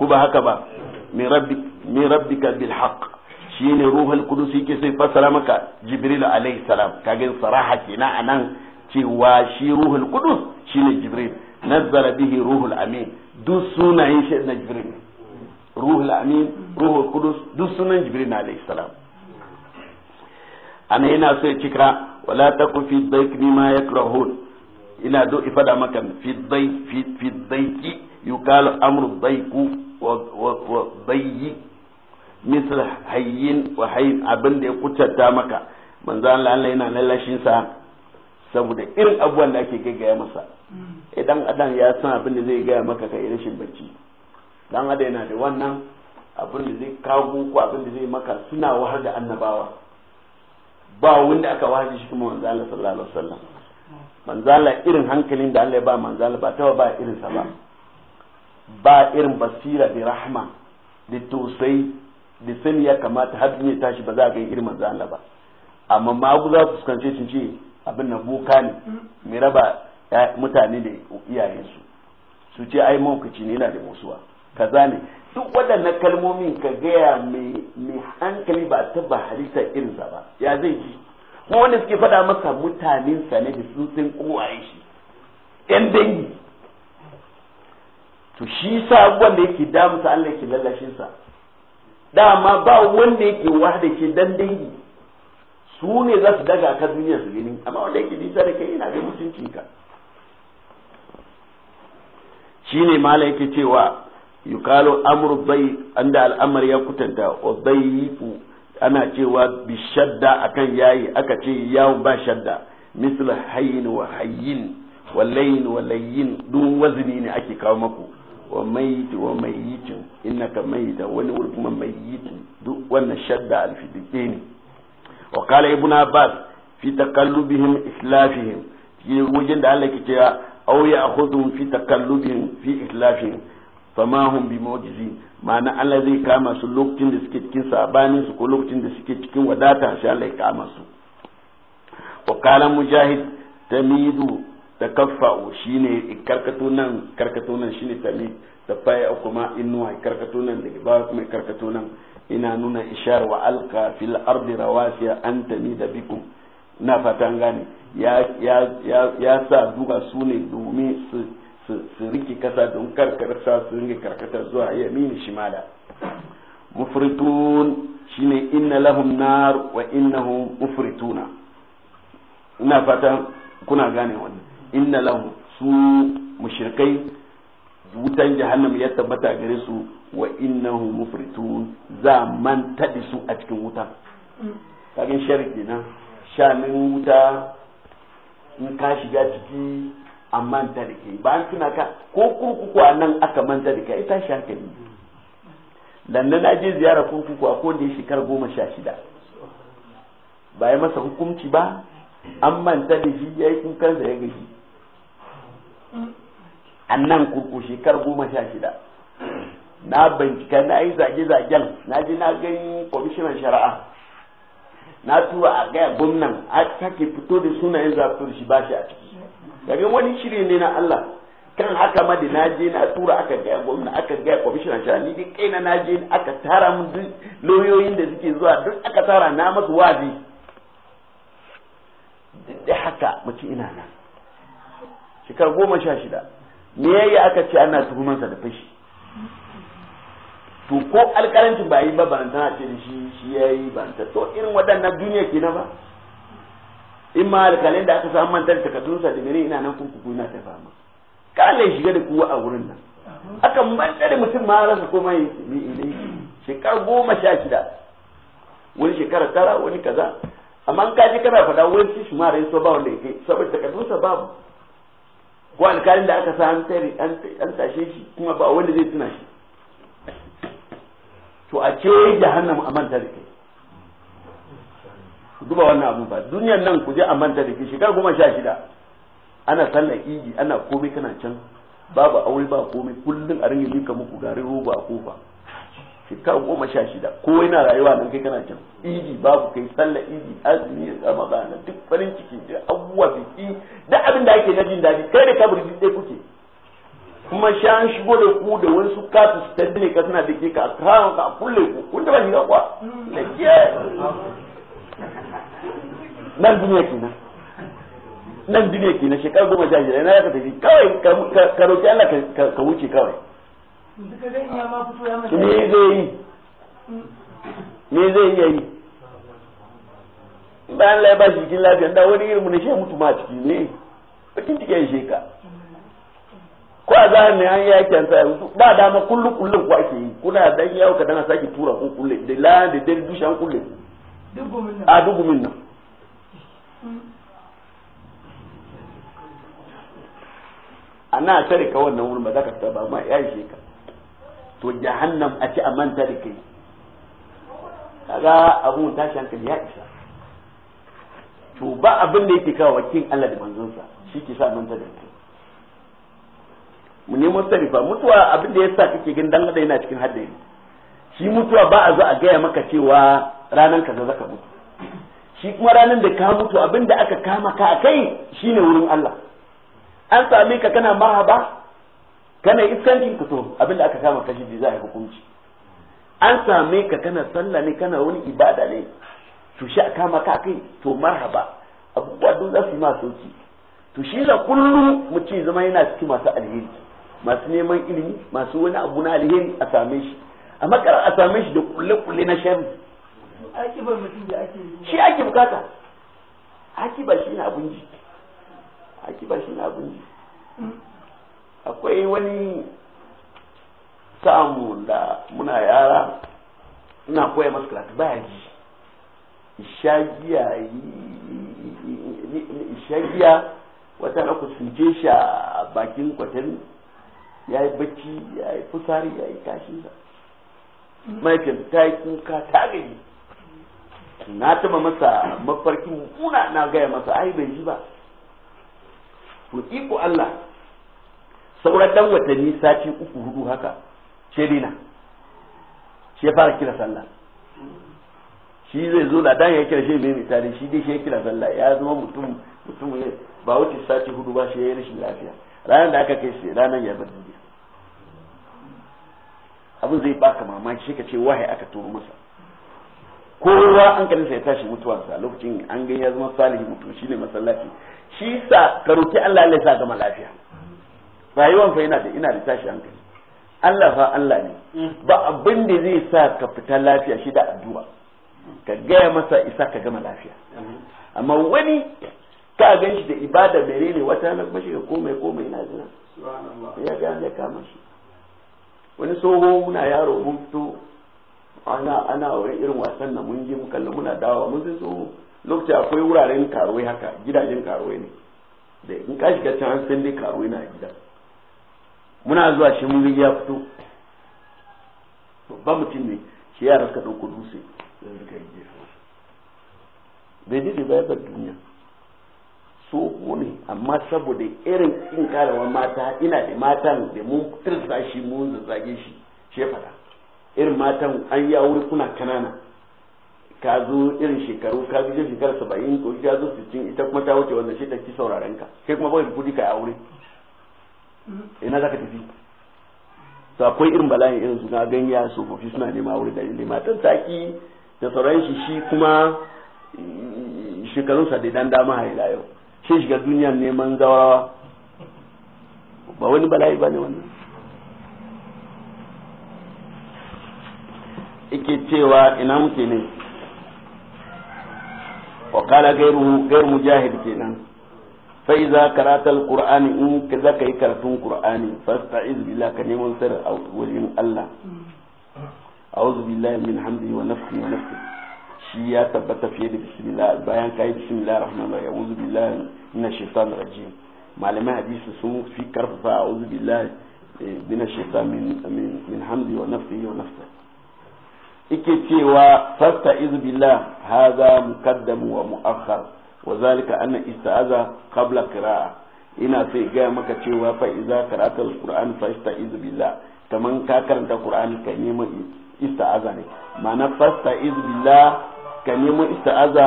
ku ba haka ba min rabbik min rabbika bil haqq shine ruhul qudus yake sai fasara maka jibril alayhi salam kage saraha kina anan cewa shi ruhul qudus shine jibril nazzala bihi ruhul amin duk sunayen shi na jibril ruhul amin ruhul kudus duk sunan jibril na alayhi salam ana yana so ya cikra wala taku fi dhaik mimma yakrahun ina do ifada maka fi dhaik fi dhaiki yukalu amru dhaiku wa wa dhayyi misal hayyin wa hayyin abin ya kutata maka manzo Allah Allah yana lallashin sa saboda irin abubuwan da ake gaggaya masa mm. idan adam ya san abin da zai gaya maka ka rashin bacci dan adam yana da wannan abin da zai kago ko abin da zai maka suna wahar da annabawa ba wanda aka wahar shi kuma manzo Allah sallallahu alaihi wasallam manzo irin hankalin da Allah ya ba manzo Allah ba tawa ba irin sa ba ba irin basira da rahma da tausayi da sani ya kamata har ya tashi ba za ga irin manzo ba amma maguza fuskance cin ce abin na boka ne mai raba mutane da iyayensu su ce ai mawukaci ne yana da musuwa kaza ne duk waɗannan kalmomin ka gaya mai hankali ba ta ba halitta irinsa ba ya zai ji kuma wanda suke faɗa masa mutanen sa ne da sun san kowaye shi yan dangi to shi sa da yake damusa Allah yake lallashin sa dama ba wanda yake wahda ke dan dangi su ne za su daga ka duniya su gani amma wanda yake nisa da kai yana da mutuncinka shine malam yake cewa yukalu amru bai anda al'amar ya kutanta wa ku ana cewa bi shadda akan yayi aka ce yawon ba shadda misal hayyin wa hayyin wa layin duk wazini ne ake kawo maku wa mayyitu wa mayitin innaka mayyita wani wuri kuma mayitin duk wannan shadda alfidike ne wa kala ibn abbas fi taqallubihim islafihim wajen da Allah ke cewa aw ya'khudhum fi taqallubihim fi islafihim fama hum bi mu'jizin ma'ana Allah zai kama su lokacin da suke cikin sabanin su ko lokacin da suke cikin wadata shi Allah ya kama su wa kala mujahid tamidu takaffa'u shine karkato nan karkato nan shine tamid da baya kuma inuwa karkato nan da ba kuma karkato nan ina nuna ishar wa alqa fil ardi rawasiya an tamida bikum na fatan gane ya ya sa duka su ne domin su su rike kasa don sa su rinke karkata zuwa yamini shimala mufritun shine inna lahum nar wa innahum mufrituna ina fata kuna gane wannan inna lahum su mushrikai wutan jahannam ya tabbata gare su wa innahum mufritun za man tadi su a cikin wuta kagin sharri kenan shanin wuta in ka shiga ciki a manta da ke ba an tuna ka ko kurkuku a nan aka manta da kai tashi ne dan na je ziyara kurkuku a ko da ya shekar goma sha shida ba ya masa hukunci ba an manta da shi ya yi kukansa ya gaji a nan kurkuku shekar goma sha shida na bincika na yi zage-zagen na je na gani kwamishinan shari'a na tura a gaya gwamnan a take fito da sunayen zafin shi ba shi a ciki daga wani shiri ne na Allah kan haka ma da naje na tura aka gaya gwamnati aka gaya commissioner shi ni dai kai na naje aka tara mun duk lauyoyin da suke zuwa duk aka tara na masu wazi da haka mace ina nan shekara goma sha shida me yayi aka ce ana tuhumansa da fashi to ko alkarancin ba yi ba barantana ce da shi shi yayi barantana to irin waɗannan duniya ke na ba in ma alkalin da aka samu mantar takardunsa da gare ina nan kurkuku ina ta fama kalai shiga da kuwa a wurin nan aka manta da mutum ma rasa ko mai ilai shekara goma sha shida wani shekara tara wani kaza amma an kaji kana fada wani shi ma rai so ba wanda yake saboda sa babu ko alƙalin da aka sa an tare an tashe shi kuma ba wanda zai tuna shi to a ce jahannama a manta da kai ku duba wannan abu ba duniyan nan ku je a manta da ke shekara goma sha shida ana sallar igi ana komai kana can babu aure ba komai kullum a ringa mika muku garin roba a kofa shekara goma sha shida ko yana rayuwa nan kai kana can igi babu kai sallar igi azumi na duk farin ciki da abubuwa biki da abin da ake na jin daɗi kai da kabiri duk ɗaya kuke kuma sha an shigo da ku da wani su kasu su ka suna da ke ka a kawo ka a kulle ku kun da ba shiga kuwa nan duniya kenan nan duniya kenan shekaru goma sha shida na ka tafi kawai ka roƙi Allah ka wuce kawai me zai yi me zai iya yi bayan an ya ba shi cikin lafiya da wani irin ne shi mutu ma ciki ne bakin cikin shi ka ko a zahar ne an yi an sa ba dama kullum kullum ko ake yi kuna dan yawo ka dana sake tura kun kullum da la da dare dushan kullum a min nan a tarika wannan wurin ba za ka fita ba ma ya ishe ka to jahannam a ce a manta da kai kaga abun tashi hankali ya isa to ba abin da yake kawo wakil Allah da manzonsa shi ke sa manta da kai mu nemo sarifa mutuwa abin da yasa kake gin dan yana cikin haddai shi mutuwa ba a zo a gaya maka cewa ranan kaza zaka mutu shi kuma ranar da ka mutu abin da aka kama ka a kai ne wurin Allah an same ka kana marhaba kana iskancin ka to abin da aka kama ka shi za a yi hukunci an same ka kana sallah ne kana wani ibada ne to shi a kama ka a kai to marhaba abubuwa duk za su yi masu sauki to shi da kullum mu ce zama yana cikin masu alheri masu neman ilimi masu wani abu na alheri a same shi A kar a same shi da kulle-kulle na shari'a akibar mutum da ake yi shi ake bukata akiba shi na abun ji akiba shi na abun ji akwai wani samu da muna yara ina koya masu karatu baya ji ishagiya wata na ku sunce shi a bakin kwatan ya yi bacci ya yi fusari ya yi kashi mm. mahaifiyar ta yi kuka ta gani na taba masa mafarki kuna na gaya masa ai bai ji ba to iko Allah sauran dan watanni sati uku hudu haka shedina shi ya fara kira sallah shi zai zo da dan ya kira shi mai tare shi dai shi ya kira sallah ya zama mutum mutum ba wuce sati hudu ba shi ya yi rashin lafiya ranar da aka kai shi ranar ya bar abin zai baka mamaki shi ka ce wahai aka turo masa kowa an kan sai tashi mutuwarsa lokacin an ga ya zama salihu mutu shine masallaci shi sa ka roki Allah ya sa gama lafiya rayuwar fa yana da ina da tashi hankali Allah fa Allah ne ba abin da zai sa ka fita lafiya shi da addu'a ka gaya masa isa ka gama lafiya amma wani ka gan shi da ibada mere ne wata nan ba shi ga komai komai ina jira ya ga ya kama shi wani soho muna yaro mun fito ana ana wurin irin wasan na mun je mu kalli muna dawa mun sai so lokaci akwai wuraren karuwai haka gidajen karuwai ne da in ka shiga can an san dai karuwai na gida muna zuwa shi mun ya fito ba mutum ne shi yara suka ɗauko dutse yanzu ka yi gefe bai dade ba ya duniya tsoho ne amma saboda irin in karawa mata ina da matan da mun tirsa shi mun zazzage shi shefa irin matan an yi aure kuna kanana ka zo irin shekaru ka zo shekara saba'in ko ka zo sittin ita kuma ta wuce wanda shi ta ki sauraren ka kai kuma bai kudi ka aure ina za ka tafi to akwai irin bala'in irin su na ganya kofi suna nema aure da ne matan ta da sauraron shi shi kuma mm, shekarunsa da dan dama ila yau shi shiga duniyar neman zawarawa ba wani bala'i ba ne wannan ike cewa ina muke ne wa kala gairu gairu mujahid kenan fa iza karata alqur'ani in ka zaka yi karatun qur'ani fasta'iz billahi ka neman sir a wajen Allah a'udhu billahi min hamdi wa nafsi wa nafsi shi ya tabbata fiye da bismillah bayan kai bismillah rahman rahim a'udhu billahi minash shaitanir rajim malamai hadisi sun fi karfafa a'udhu billahi eh, minash shaitanir min min hamdi wa nafsi wa nafsi yake cewa fasta izbillah haza mukaddamu wa muakhar wa zalika anna ista'aza qabla qira'a ina sai ga maka cewa fa iza qara'ta alquran fasta izbillah kaman ka karanta qur'ani ka nemo ista'aza ne ma'ana fasta izbillah ka nemo ista'aza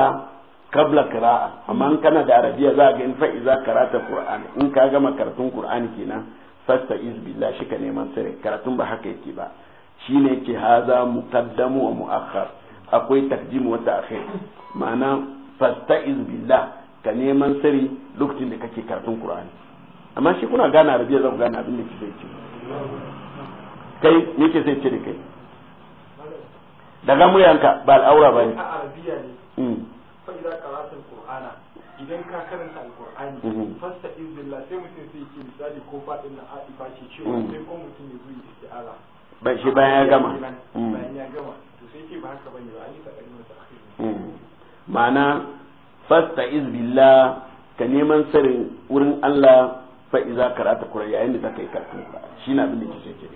qabla qira'a amma kana da arabiya za ga in fa iza qara'ta qur'ani in ka gama karatun qur'ani kenan fasta izbillah shi ka neman sai karatun ba haka yake ba shine ke haza muqaddamu wa mu'akhkhar akwai takdim wa ta'khir ma'ana fasta'iz billah ka neman sari lokacin da kake karatun qur'ani amma shi kuna Gana arabiya za ku gana abin da kike ce kai me ke sai ce da kai daga muryanka ba al'aura ba ne a arabiya ne hmm. fa idza qara'atul qur'ana idan ka karanta alqur'ani hmm. fasta'iz billah sai mutum sai yake misali ko fadin na aifa ce ce hmm. sai ko mutum ya zo ala. ba shi bayan ya gama hmm. ma'ana fasta izbillah ka neman sarin wurin Allah fa iza karata qur'ani yayin da zaka yi karatun qur'ani shine abin da yake ce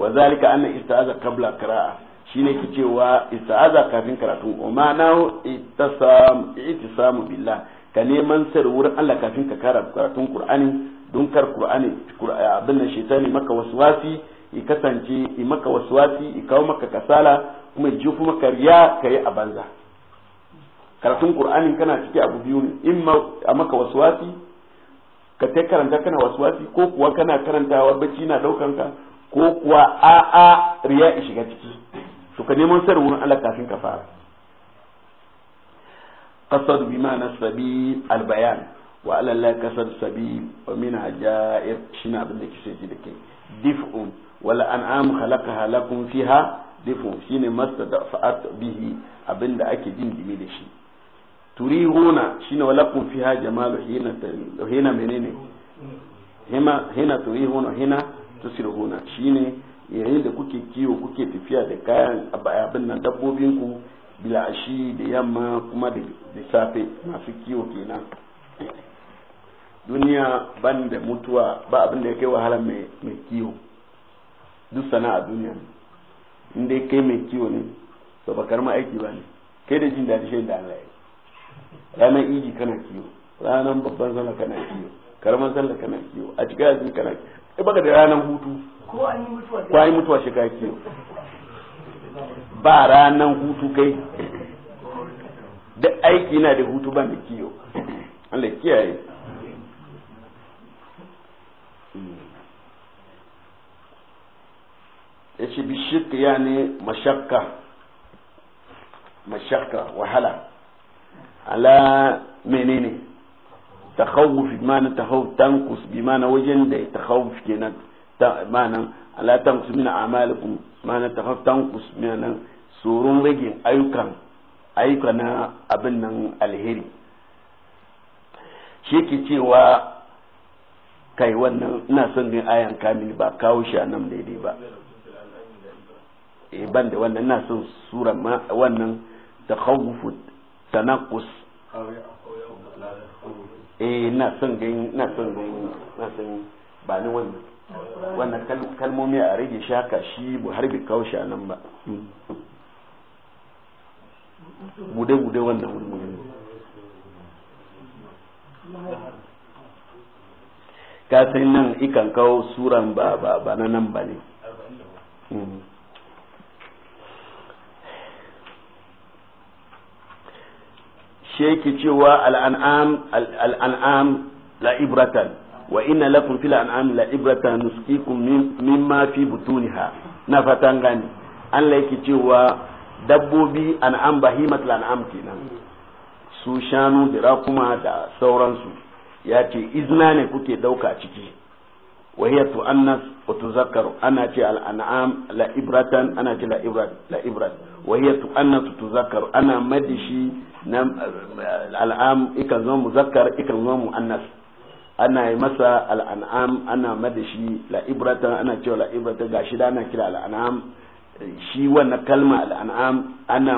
wa zalika anna istaza qabla qira'a shine ke cewa istaza kafin karatun o ma'ana ittasam ittisamu billah ka neman sarin wurin Allah kafin ka karatu karatun qur'ani don kar qur'ani qur'ani abin nan shaytani maka waswasi i kasance i maka waswasi i kawo maka kasala kuma ji maka riya ka yi a banza karatun qur'anin kana ciki abu biyu ne in a maka waswasi ka ta karanta kana waswasi ko kuwa kana karantawa bacci na daukan ka ko kuwa a a riya i shiga ciki to ka neman sar wurin Allah kafin ka fara qasad bima nasabi albayan wa ala kasad sabi wa min ajaib shina abin da kike ji da kai dif'un wala an am khalaqaha lakum fiha difun shine fa'at bihi abinda ake jin dimi da shi turi turihuna shine walakum fiha jamalu hina hina menene hima hina turihuna hina tusirhuna shine yayin da kuke kiwo kuke tafiya da kayan abin nan dabbobin ku bila ashi da yamma kuma da safe masu kiwo kenan duniya ban da mutuwa ba abin da ya kai wahala mai kiwo duk sana'a duniya ne in dai kai mai kiwo ne to ba karma aiki ba ne kai da jin daɗi shi da Allah ya ranar iji kana kiwo ranar babban sallah kana kiwo karamar sallah kana kiwo a cikin yanzu kana kiwo ba baka da ranar hutu ko an yi mutuwa shi ka kiwo ba ranar hutu kai duk aiki na da hutu ban da kiwo Allah kiyaye yace bishik ya ne mashakka mashakka wahala ala menene ta takhawuf ta takhawuf tankus mana wajen da ta takhawuf kenan mana ala tankus min a'malikum ta takhawuf tankus ma'anan surun rage ayyukan ayyuka na abin nan alheri shi ke cewa kai wannan ina son din ayan kamil ba kawo shi a nan daidai ba e ban da wannan na son sura wannan da khawfu tanaqus eh na son gani na son gani na son ba ni wannan wannan kalmomi a rage shaka shi bu har bi kausha nan ba gude gude wannan wannan ka san nan ikan kawo suran ba ba ba na nan ba ne hmm. shi yake cewa al'an'am al'an'am la ibratan wa inna lakum fil an'am la ibratan nusqikum mimma fi butuniha na fatan gani Allah yake cewa dabbobi an'am bahimat an'am kenan su shanu dira rakuma da sauransu ya ce izna ne kuke dauka ciki وهي تؤنث وتذكر انا تي الانعام لا ابره انا تي لا ابره لا ابره وهي تؤنث تذكر انا مدشي نم الانعام يكن زو مذكر يكن زو مؤنث ana yi masa al'an'am ana madashi la'ibratan ana cewa la'ibratan gashi da ana kira al'an'am shi wannan kalma al'an'am ana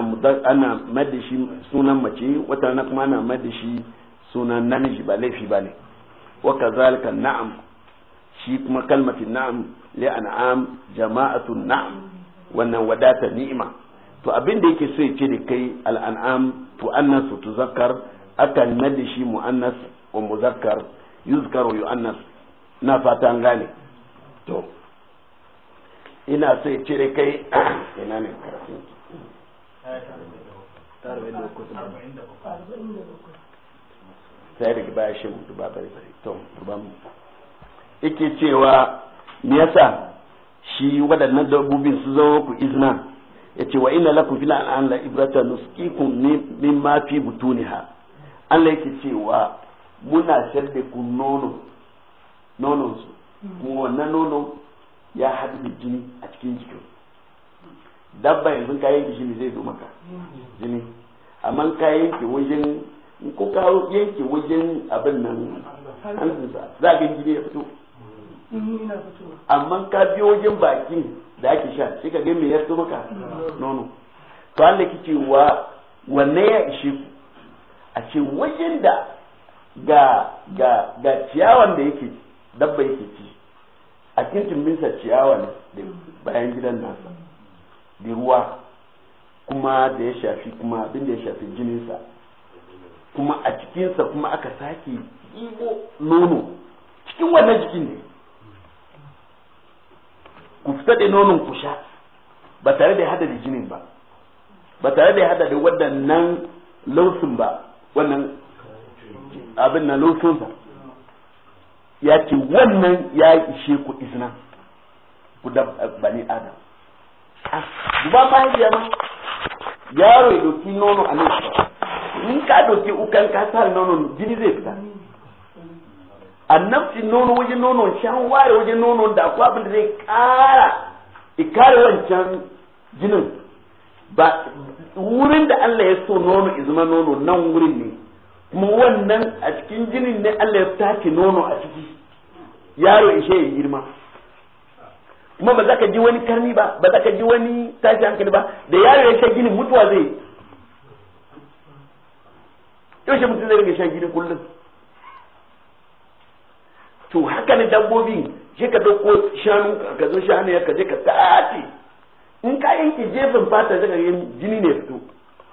ana madashi sunan mace wata kuma ana madashi sunan namiji ba laifi ba ne wa kazalika na'am shi kuma kalmatin na'am li an'am jama'atun na'am wannan wadata ni'ima to abin da yake so ya ce da kai al'an'am to annas to zakkar akan nadi shi mu'annas wa muzakkar yuzkar wa yu'annas na fatan gane to ina so ya ce da kai (coughs) ina ne karfin sai daga baya shi bari bari to mu yake cewa me yasa shi waɗannan dabbobin su zama ku izna yace wa inna lakum fil an la ibrata nusqikum mimma fi butuniha Allah yake cewa muna shirde ku nono nono su kuma wannan nono ya haɗu da jini a cikin jikin dabba yanzu ka yanke shi ne zai zo maka jini amma ka yanke wajen ko ka yanke wajen abin nan an za ka jini ya fito amma ka biyo wajen bakin da ake sha sai ka ga me ya fito maka nono to Allah kike wa wanne ya ishe ku a ce wajen da ga ga ga ciyawan da yake dabba yake ci a cikin kintimbinsa ciyawa ne da bayan gidan nasa da ruwa kuma da ya shafi kuma abin da ya shafi jininsa kuma a cikinsa kuma aka sake ɗibo nono cikin wannan jikin ne ku fita da nonon ku sha ba tare da hada da jinin ba ba tare da hada da waɗannan lausun ba wannan abin na lausun ba ya ce wannan ya ishe ku izina ku da eh, bani adam ah, ba ya ma yaro ya doki nono a nan ka doki ukan ka sa nono jini zai fita annabci nono wajen nono can ware wajen nono da akwai abin da zai kara ikare wancan jinin ba wurin da Allah ya so nono izuma nono nan wurin ne kuma wannan a cikin jinin ne Allah ya take nono a ciki yaro ishe ya girma kuma ba za ka ji wani karni ba ba za ka ji wani tashi hankali ba da yaro ya sha gini mutuwa zai yaushe mutum zai rinka sha gini kullum to haka ne dabbobi shi ka dauko shanu ka zo shanu ya kaje ka tace in ka yanke jefin fata zaka yin jini ne fito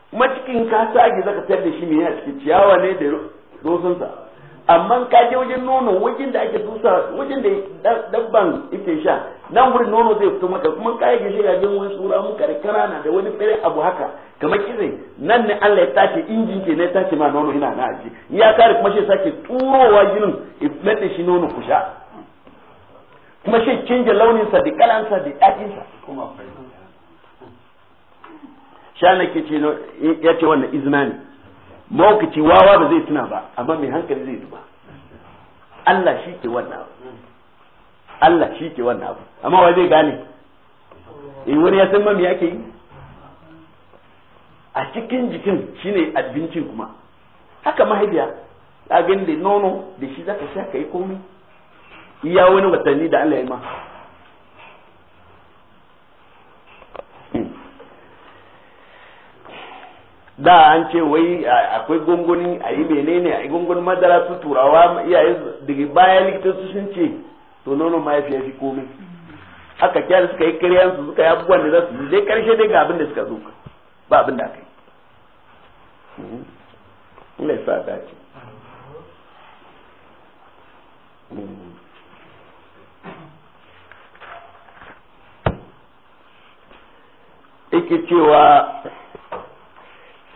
kuma cikin ka sage zaka tar da shi me ya cikin ciyawa ne da rosonsa amma ka je wajen nono wajen da ake tusa wajen da dabban yake sha nan wurin nono zai fito maka kuma ka yake a jin wani tsura mun karkara na da wani fere abu haka kamar kizai nan ne Allah ya tace injin ke ne tace ma nono ina na aji ya kare kuma shi sake turowa jinin ifnat shi nono ku sha kuma shi canja launin sa da kalan sa da dakin sa kuma shana ke ce yace wannan izna ne maukaci wawa ba zai tuna ba amma mai hankali zai duba Allah shi ke wannan abu Allah shi ke wannan abu amma wai zai gane in eh, wani ya san ma ya ke yi a cikin jikin ne abincin kuma haka mahaifiya a gani da nono da shi zaka sha ka yi komai iya wani watanni da Allah ya ma da an ce wai akwai gongoni a yi menene a yi gongonin madara su turawa iyaye daga baya su sun ce to nono ma ya fi komai aka kyara suka yi karyan su suka yi abubuwan da za su yi dai karshe dai ga abin da suka zo ba abin da aka yi Ina mhm. sa dace ike mhm. cewa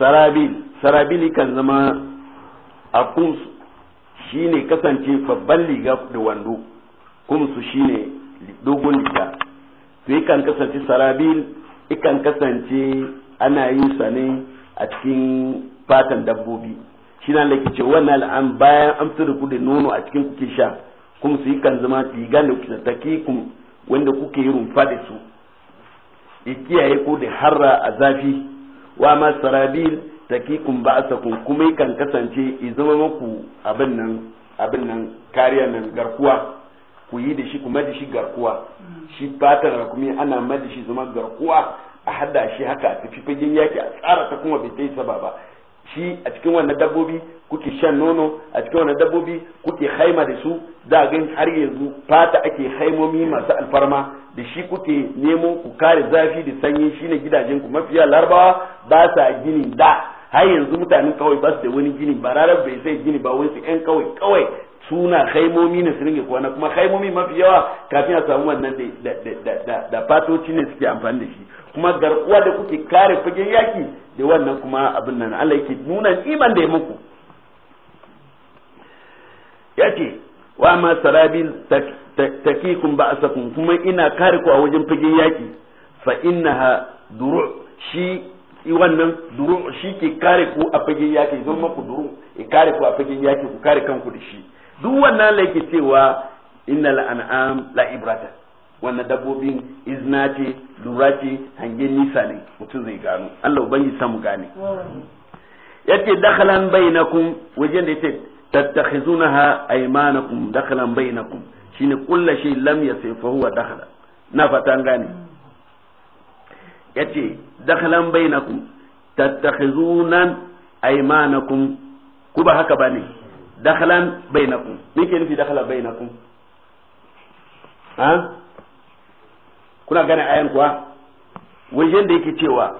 sarabil sarabili kan zama a shi shine kasance babban liga da wando kumsu shine dogon liga to ikan kasance sarabil ikan kasance ana yin sa ne a cikin fatan dabbobi shi na da ce wannan al'am bayan an fi da nono a cikin kuke sha kuma su yi kan zama liga da kuke take kun wanda kuke yi rumfa da su ikiyaye kiyaye ko da harra a zafi wa ma sarabil takikum ba'sakum kuma kan kasance i zama muku abin nan abin nan kariya nan garkuwa ku yi da shi kuma da shi garkuwa shi fatan rakumi ana madi shi zama garkuwa a hada shi haka a tafi fagen yaki a tsara ta kuma bai kai saba ba shi a cikin wannan dabbobi kuke shan nono a cikin wannan dabbobi kuke haima da su da gan har yanzu fata ake haimomi masu alfarma da shi kuke nemo ku kare zafi da sanyi shine gidajen ku mafiya larabawa ba sa ginin da har yanzu mutane kawai ba su da wani gini ba rarar bai sai gini ba wani su yan kawai kawai suna haimomi ne su ringe kwana kuma haimomi mafi yawa kafin a samu wannan da fatoci ne suke amfani da shi kuma garkuwa da kuke kare fagen yaki da wannan kuma abin nan Allah yake nuna iman da ya muku yace wa ma sarabil taki takikum ba'asakum kuma ina kare ku a wajen fagen yaki fa innaha duru shi wannan duru shi ke kare ku a fagen yaki zan maku duru e kare ku a fagen yaki ku kare kanku da shi duk wannan la ke cewa innal an'am la ibrata wannan dabbobin izna ce lura ce hangen nisa ne mutum zai gano Allah ubangi samu gane yake dakhalan bainakum wajen da yace tattakhizunaha aymanakum dakhalan bainakum shine kulla shi lam ya sai fa huwa dakhala na fatan gane yace dakhalan bainakum tattakhizuna aymanakum ku ba haka bane dakhalan bainakum me ke nufi dakhala bainakum ha kuna gane ayan kuwa wajen da yake cewa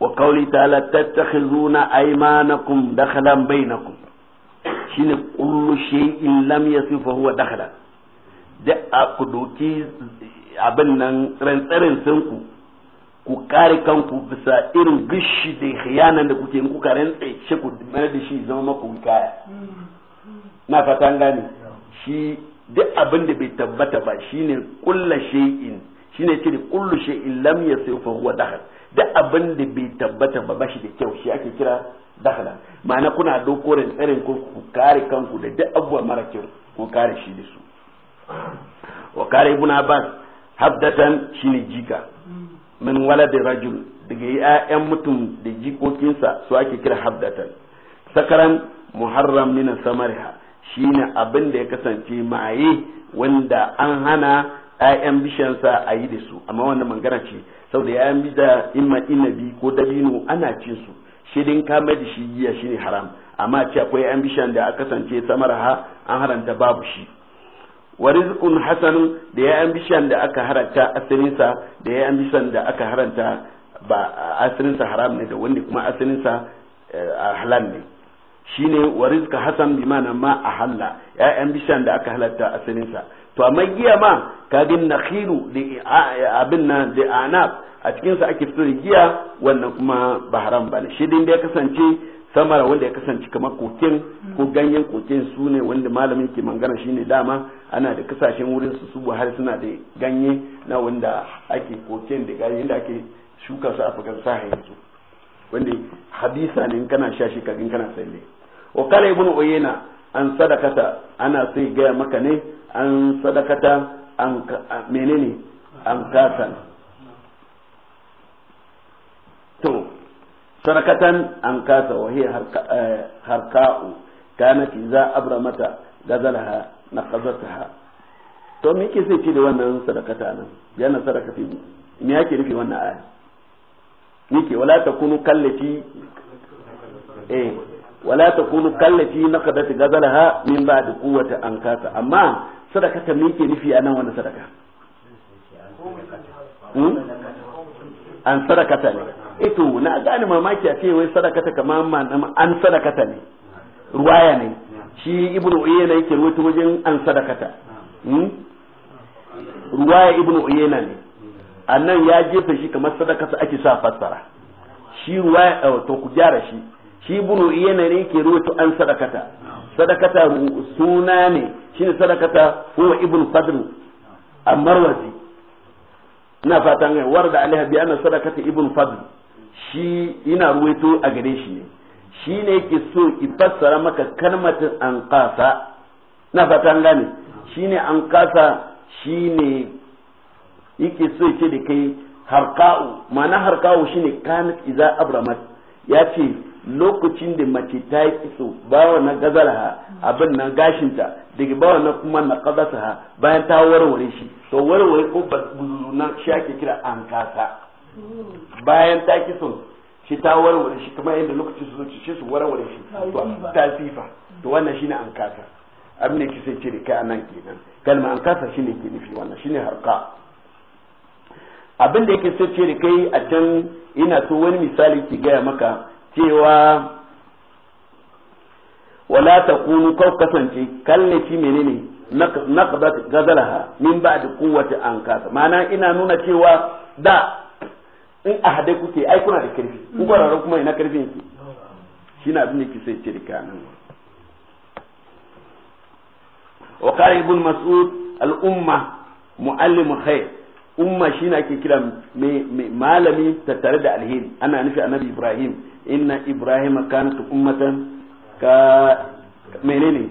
wa kauli ta'ala tattakhizuna aymanakum dakhalan bainakum shine kullu shay'in lam yasifa huwa dakhala da a ku doki abin nan rantsarin ku ku kare kanku bisa irin gishi da khiyanan da kuke k'u rantse shi ku mana da shi zama maku kaya na fatan gane shi duk abin da bai tabbata ba shine kullu shay'in shine ce kullu shay'in lam yasir fa huwa dakhal duk abin da bai tabbata ba bashi da kyau shi ake kira dakhal ma'ana kuna doko rantsarin ku kare kanku da duk abubuwa mara kyau ku kare shi da su wa kare ibn abbas habdatan shine jika min walad rajul daga ya'yan mutum da jikokinsa su ake kira habdatan sakaran muharram min samariha shine abin da ya kasance maye wanda an hana ‘ya'yan bishiyansa a yi da su amma wannan mangana ce saboda ‘ya'yan bida imma inabi ko dabino ana cin su shirin kama da shi giya shine haram amma ce akwai ‘ya'yan da a kasance samaraha an haranta babu shi wa rizqun hasanun da ya ambishan da aka haranta asirinsa da ya ambishan da aka haranta ba asirinsa haram ne da wanda kuma asirinsa eh, halal ne shine wa rizqa hasan bi ma'ana ma ahalla ya ambishan da aka halatta asirinsa to amma giya ma kagin nakhilu da abin nan da anab a cikinsa ake fito da giya wannan kuma ba haram bane shi din da ya kasance samara wanda ya kasance kamar kokin ko ganyen kokin su ne wanda malamin ke mangana shine dama ana da kasashen wurin su su har suna da ganye na wanda ake kokin da ganyen da ake shuka su afirka sahi yanzu wanda hadisa ne kana sha shi kagin kana salle wa kala ibn uyayna an sadakata ana sai gaya maka ne an sadakata an menene an kasan to sarakatan an kasa wa hiya eh, harka'u kanat za abramata gazalaha naqazataha to me yake sai ce da wannan sadakata nan yana sadakati me yake nufi wannan aya yake wala takunu kallati eh wala takunu kallati naqadat gazalaha min ba'd quwwati an kasa amma sadakata me yake nufi anan wannan sadaka hmm? an sadakata ne ito eh na gane mamaki a ce wai sadakata kamar an sadakata ne ruwaya ne shi ibnu uyayna yake ruwaito wajen an sadakata hmm? ruwaya ibnu uyayna ne annan ya jefa shi kamar sadakata ake sa fassara shi ruwaya eh, to ku gyara shi shi ibnu uyayna ne yake ruwaito an sadakata sadakata suna ne shine sadakata huwa ibnu fadl a marwazi ina fatan warda alaiha bi anna sadakata ibnu fadl shi ina ruwaito a gare shi ne shi ne ke so fassara maka kalmatin an kasa na fatan gane shi ne an kasa shi ne yake so ce da kai harka'u ma'ana harka'u shi ne kanis iza abramat ya ce lokacin da mace ta yi iso bawa na gazarha abin na gashinta daga bawa na kuma na kazasa bayan ta warware shi to warware ko ba na shi ake kira an kasa bayan ta son shi ta warware shi kamar yadda lokacin su zuci shi su warware shi ta sifa to wannan shine an kasa abin da kisa cire kai anan kenan kalma an kasa shine ke nufi wannan shine harka abin da yake so cire kai a can ina so wani misali ki gaya maka cewa wala kunu kau kasance kalle shi menene naqdat gazalaha min ba'd quwwati an kasa ma'ana ina nuna cewa da in a hade kuke ai kuna da karfi in mm. kwararru kuma ina karfin ki shi abin da ke sai ce da kanan wa kare ibn mas'ud umma muallim khair umma shi na ke kira malami tattare da alheri ana nufi annabi ibrahim inna ibrahim kanat ummatan ka menene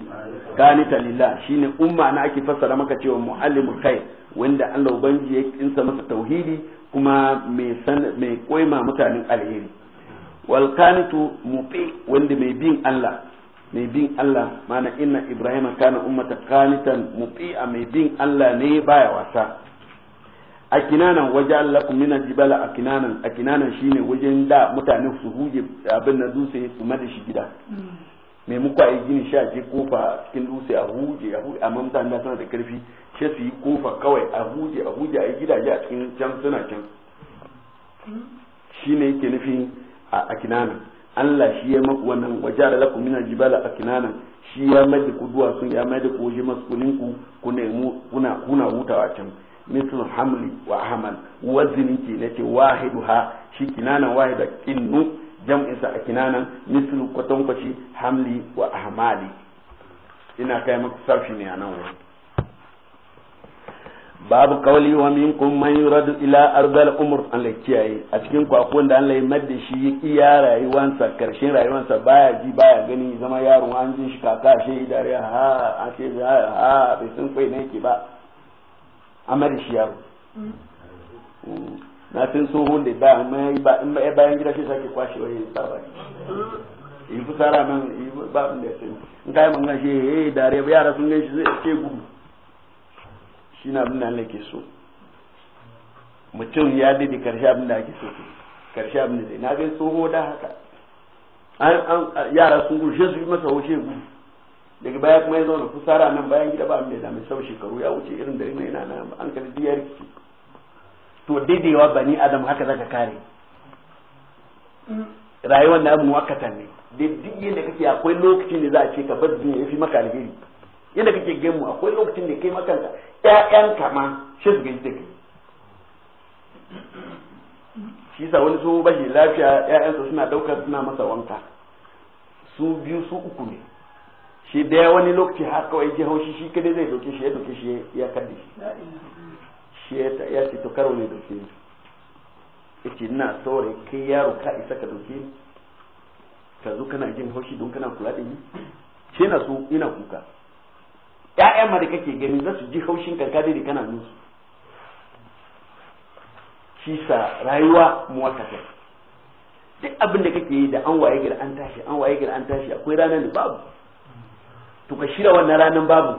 kanita lillah shine umma na ake fassara maka cewa muallim khair wanda Allah ubangiji ya kinsa masa tauhidi kuma mai koima mutanen alheri wal qanitu wanda mai bin Allah mai bin Allah mana inna ibrahima kana ummata qanitan a mai bin Allah ne baya wasa akinanan waje allah kuma min jibala akinanan akinanan shine wajen da mutane su huje abin na dutse su mada shi gida mm. mai muka yi gini sha je kofa cikin dutse a huje a huje amma mutane da suna da karfi ke su yi kofa kawai a huje a huje a yi gidaje a cikin can suna can shine yake nufin a akinana Allah shi ya maku wannan waje da lakum min aljibala akinana shi ya mai da ku sun ya mai da ku waje maskulin ku kuna kuna hutawa can mislu hamli wa ahmal wazini ke nace wahiduha shi kinana wahida kinnu jam'in sa akinana mislu kwatankwaci hamli wa ahmali ina kai muku sarfi ne a nan wani babu kawali wa minkum man yuradu ila ardal umur la kiyaye a cikin ku akwai wanda la ya da shi iya rayuwansa karshen rayuwansa baya ji baya gani zama yaro an ji shi kaka shi idare ha a ce ha bai sun kai ne ki ba amari shi yaro mm. na sun so hunde ba mai ba in mai bayan gida shi sake kwashe wani saba mm. yi fusara nan ba da ya in kai mun ga shi eh dare yara sun shi sai ce gudu shi na abin da Allah ke so mutum ya dade karshe abin da ake so karshe abin da zai na ga tsoho da haka an an yara sun gushe su yi masa wuce gu daga baya kuma ya zauna kusara nan bayan gida ba mai zama sau shekaru ya wuce irin da rina yana nan an kalli diyar ki to daidaiwa bani adam haka zaka kare rayuwar na muwakkata ne da duk yadda kake akwai lokacin da za a ce ka bar duniya ya fi maka alheri yadda kake gemu akwai lokacin da kai makanta ƴaƴan kama shi su gaji da shi sa wani su bashi lafiya ƴaƴan su suna ɗaukar suna masa wanka su biyu su uku ne shi daya wani lokaci har kawai ji haushi shi kadai zai doke shi ya doke shi ya kaddi shi ya ce to karo ne doke ni yace ina saurayi kai yaro ka isa ka doke ka zo kana jin haushi don kana kula da ni ce na so ina kuka ‘ya’yan ma da kake gani za su ji haushin kanka da kana musu su. sa rayuwa kai duk abin da kake yi da an waye gida an tashi an waye gida an tashi akwai ranar da babu to ka shira wannan ranar babu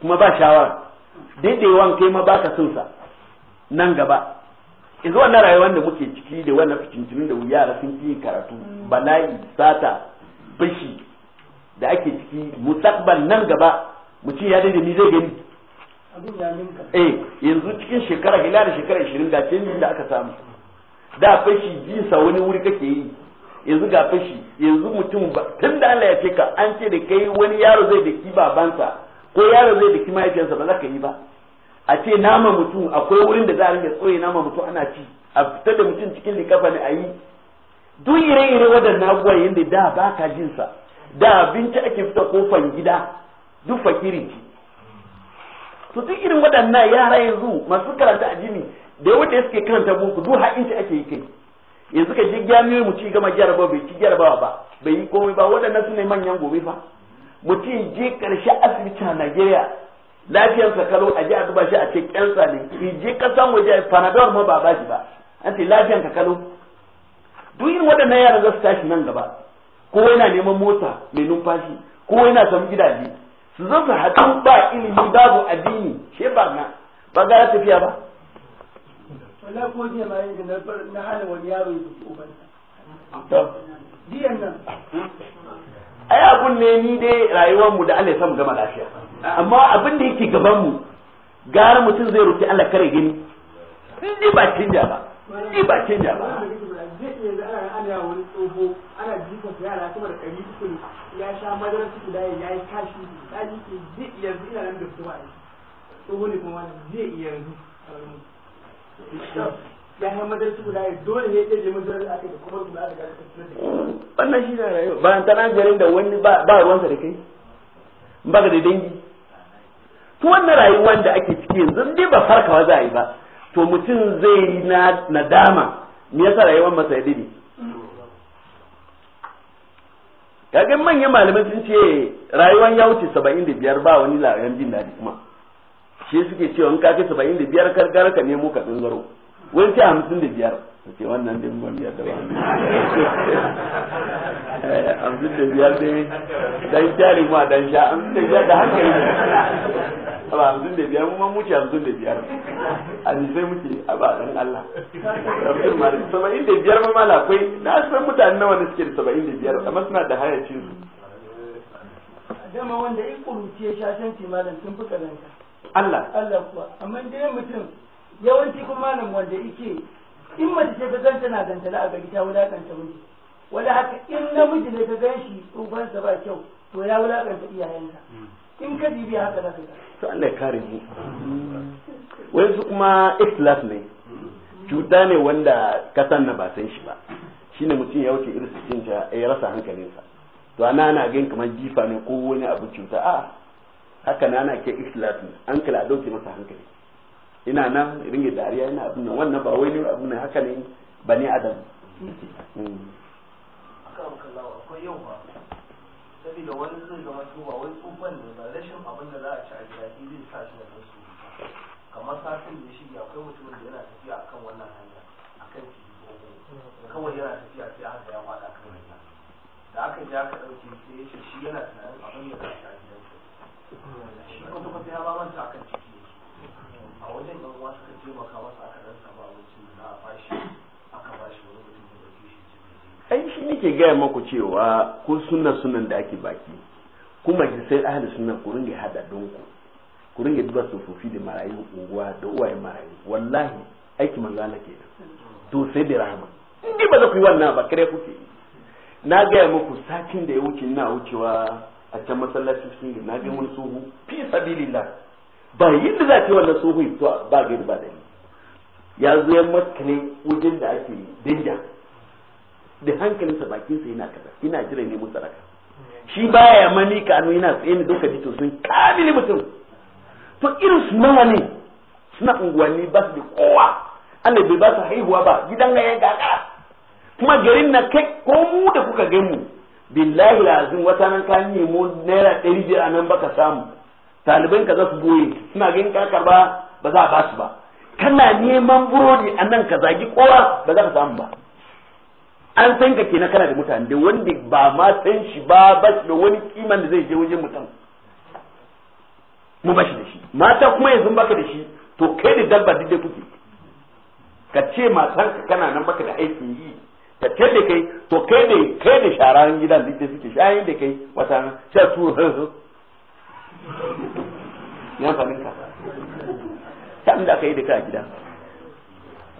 kuma ba shawara daidaiwan kai ma baka son sa nan gaba yanzu wannan rayuwar da muke ciki da wannan fitintunin da yara sun ki karatu bala'i sata fashi da ake ciki musakban nan gaba mutum ya daidai ni zai gani eh yanzu cikin shekara ila da shekara 20 ga canjin da aka samu da fashi jinsa wani wuri kake yi yanzu ga fashi yanzu mutum ba tun da Allah ya ce ka an ce da kai wani yaro zai daki babansa ko yaro zai daki mahaifiyarsa ba za ka yi ba a ce nama mutum akwai wurin da za a rinka tsoye nama mutum ana ci a fita da mutum cikin likafa ne a yi duk ire-ire waɗannan abubuwa yadda da ba ka jinsa da abinci ake fita kofan gida duk fakiri ci to duk irin waɗannan yara yanzu masu karanta addini da wanda suke karanta boko duk ha'inci ake yi kai yanzu ka je jami'o mu ci gama jarabawa bai ci jarabawa ba bai yi komai ba waɗannan su ne manyan gobe fa mutum je karshe asibiti a Najeriya lafiyarsa kalau a ji a duba shi a ce kyansa ne je kasan waje panadol ma ba bashi ba an ce lafiyan ka kalau duk irin waɗannan yara za su tashi nan gaba kowa yana neman mota mai numfashi kowa yana samu gidaje su zo su haɗu ba ilimi babu addini she ba na ba ga tafiya ba wala ko jiya ma yanzu na na hana wani yaro ya tafi ubansa to diyan nan ai abun ne ni dai rayuwar mu da Allah ya samu gama lafiya amma abin da yake gaban mu gara mutum zai roki Allah kare gini in ba canja ba ni ba canja ba ana jika su yara sama da ɗari ya yi kashi yanzu ina nan da ba kuma iya yanzu ya dole ne je da kuma da wannan shi na rayuwa ba ta na garin da wani ba ruwansa da kai ba ga da dangi to wannan rayuwa da ake ciki yanzu dai ba farkawa za a yi ba to mutum zai yi nadama me yasa rayuwar masa yadidi kaga manyan malamai sun ce rayuwar ya wuce saba'in da biyar ba wani larayen jin daɗi kuma shi suke cewa in ka saba'in da biyar karkar ka nemo ka ɗangaro wani ce hamsin da biyar ce wannan din ban biyar da ba eh, hamsin da biyar dai dan kyari ma dan sha da biyar da hankali ba hamsin da biyar mu ma muke hamsin da biyar sai muke a ba dan Allah hamsin ma saba'in da biyar ma mala akwai na san mutane nawa ne suke da saba'in da biyar amma suna da hayacin su. dama wanda in kuruciye shashanci malam sun fi karanta. Allah. Allah kuwa amma dai mutum yawanci kuma malam wanda yake in mace ce ka ganta na gantala a gari ta wulakanta miji wala haka in namiji ne ka ganshi, shi tsofansa ba kyau to ya wulakanta iyayensa hmm. in ka dibi haka za ka to Allah ya kare mu wai su kuma ikhlas ne cuta ne wanda kasan na ba san shi ba shine mutum ya wuce irin cikin ta eh, ya rasa hankalinsa to ana na gan kamar jifa ne ko wani abu cuta a haka na ana ke ikhlas ne an kala dauke masa hankali ina nan ringe dariya ina abin nan wannan ba wai ne abin nan haka ne bani adam akwai yau ba sabida wani zai zama su ba wai tsufan ne ba rashin abin da za a ci a gida shi zai sa shi da kansu kamar satin da shi akwai mutumin da yana tafiya akan wannan hanya akan titi kawai yana tafiya sai aka ya fada kan hanya da aka je aka ɗauke sai ya ce shi yana tunanin abin da za a ci a gidansa shi kuma kuma ya ba akan ciki a wajen yan uwa suka taimaka masa aka dan samu abincin da za a bashi ai shi nake gaya maku cewa ko sunna sunan da ake baki kuma ji sai ahli sunna ku ringe hada donku ku ringe duba sufufi da marayu unguwa da uwaye marayu wallahi aiki manzo Allah kenan to sai da rahama indai ba za ku yi wannan ba kare kuke na gaya muku satin da ya wuce na wucewa a can masallacin cikin na ga mun suhu fi sabilillah ba yinda za ta wannan suhu to ba gaida ba dani ya zo ya maskane wajen da ake danja da hankalinsa bakinsa yana kaza ina jira ne mu sadaka shi baya mani kanu yana tsaye ne duka jito sun kamili mutum to irin su nawa ne suna unguwanni ba su da kowa ana bai ba su haihuwa ba gidan ga ya gaga kuma garin na kai ko mu da kuka gan mu billahi lazim wata nan ka nemo naira ɗari biyar a nan baka samu taliban ka za su goye suna ganin ka karba ba za a ba su ba kana neman burodi a nan ka zagi kowa ba za ka samu ba an san ka kenan kana da mutane da wanda ba ma san shi ba ba da wani kiman da zai je wajen mutum mu ba shi da shi mata kuma yanzu baka da shi to kai da dabba duk da kuke ka ce matar ka kana nan baka da aikin yi ta ce da kai to kai da kai da sharan gidan duk da suke shayin da kai wata nan sai su (laughs) ya sanin ka ta da aka yi da ka a gidan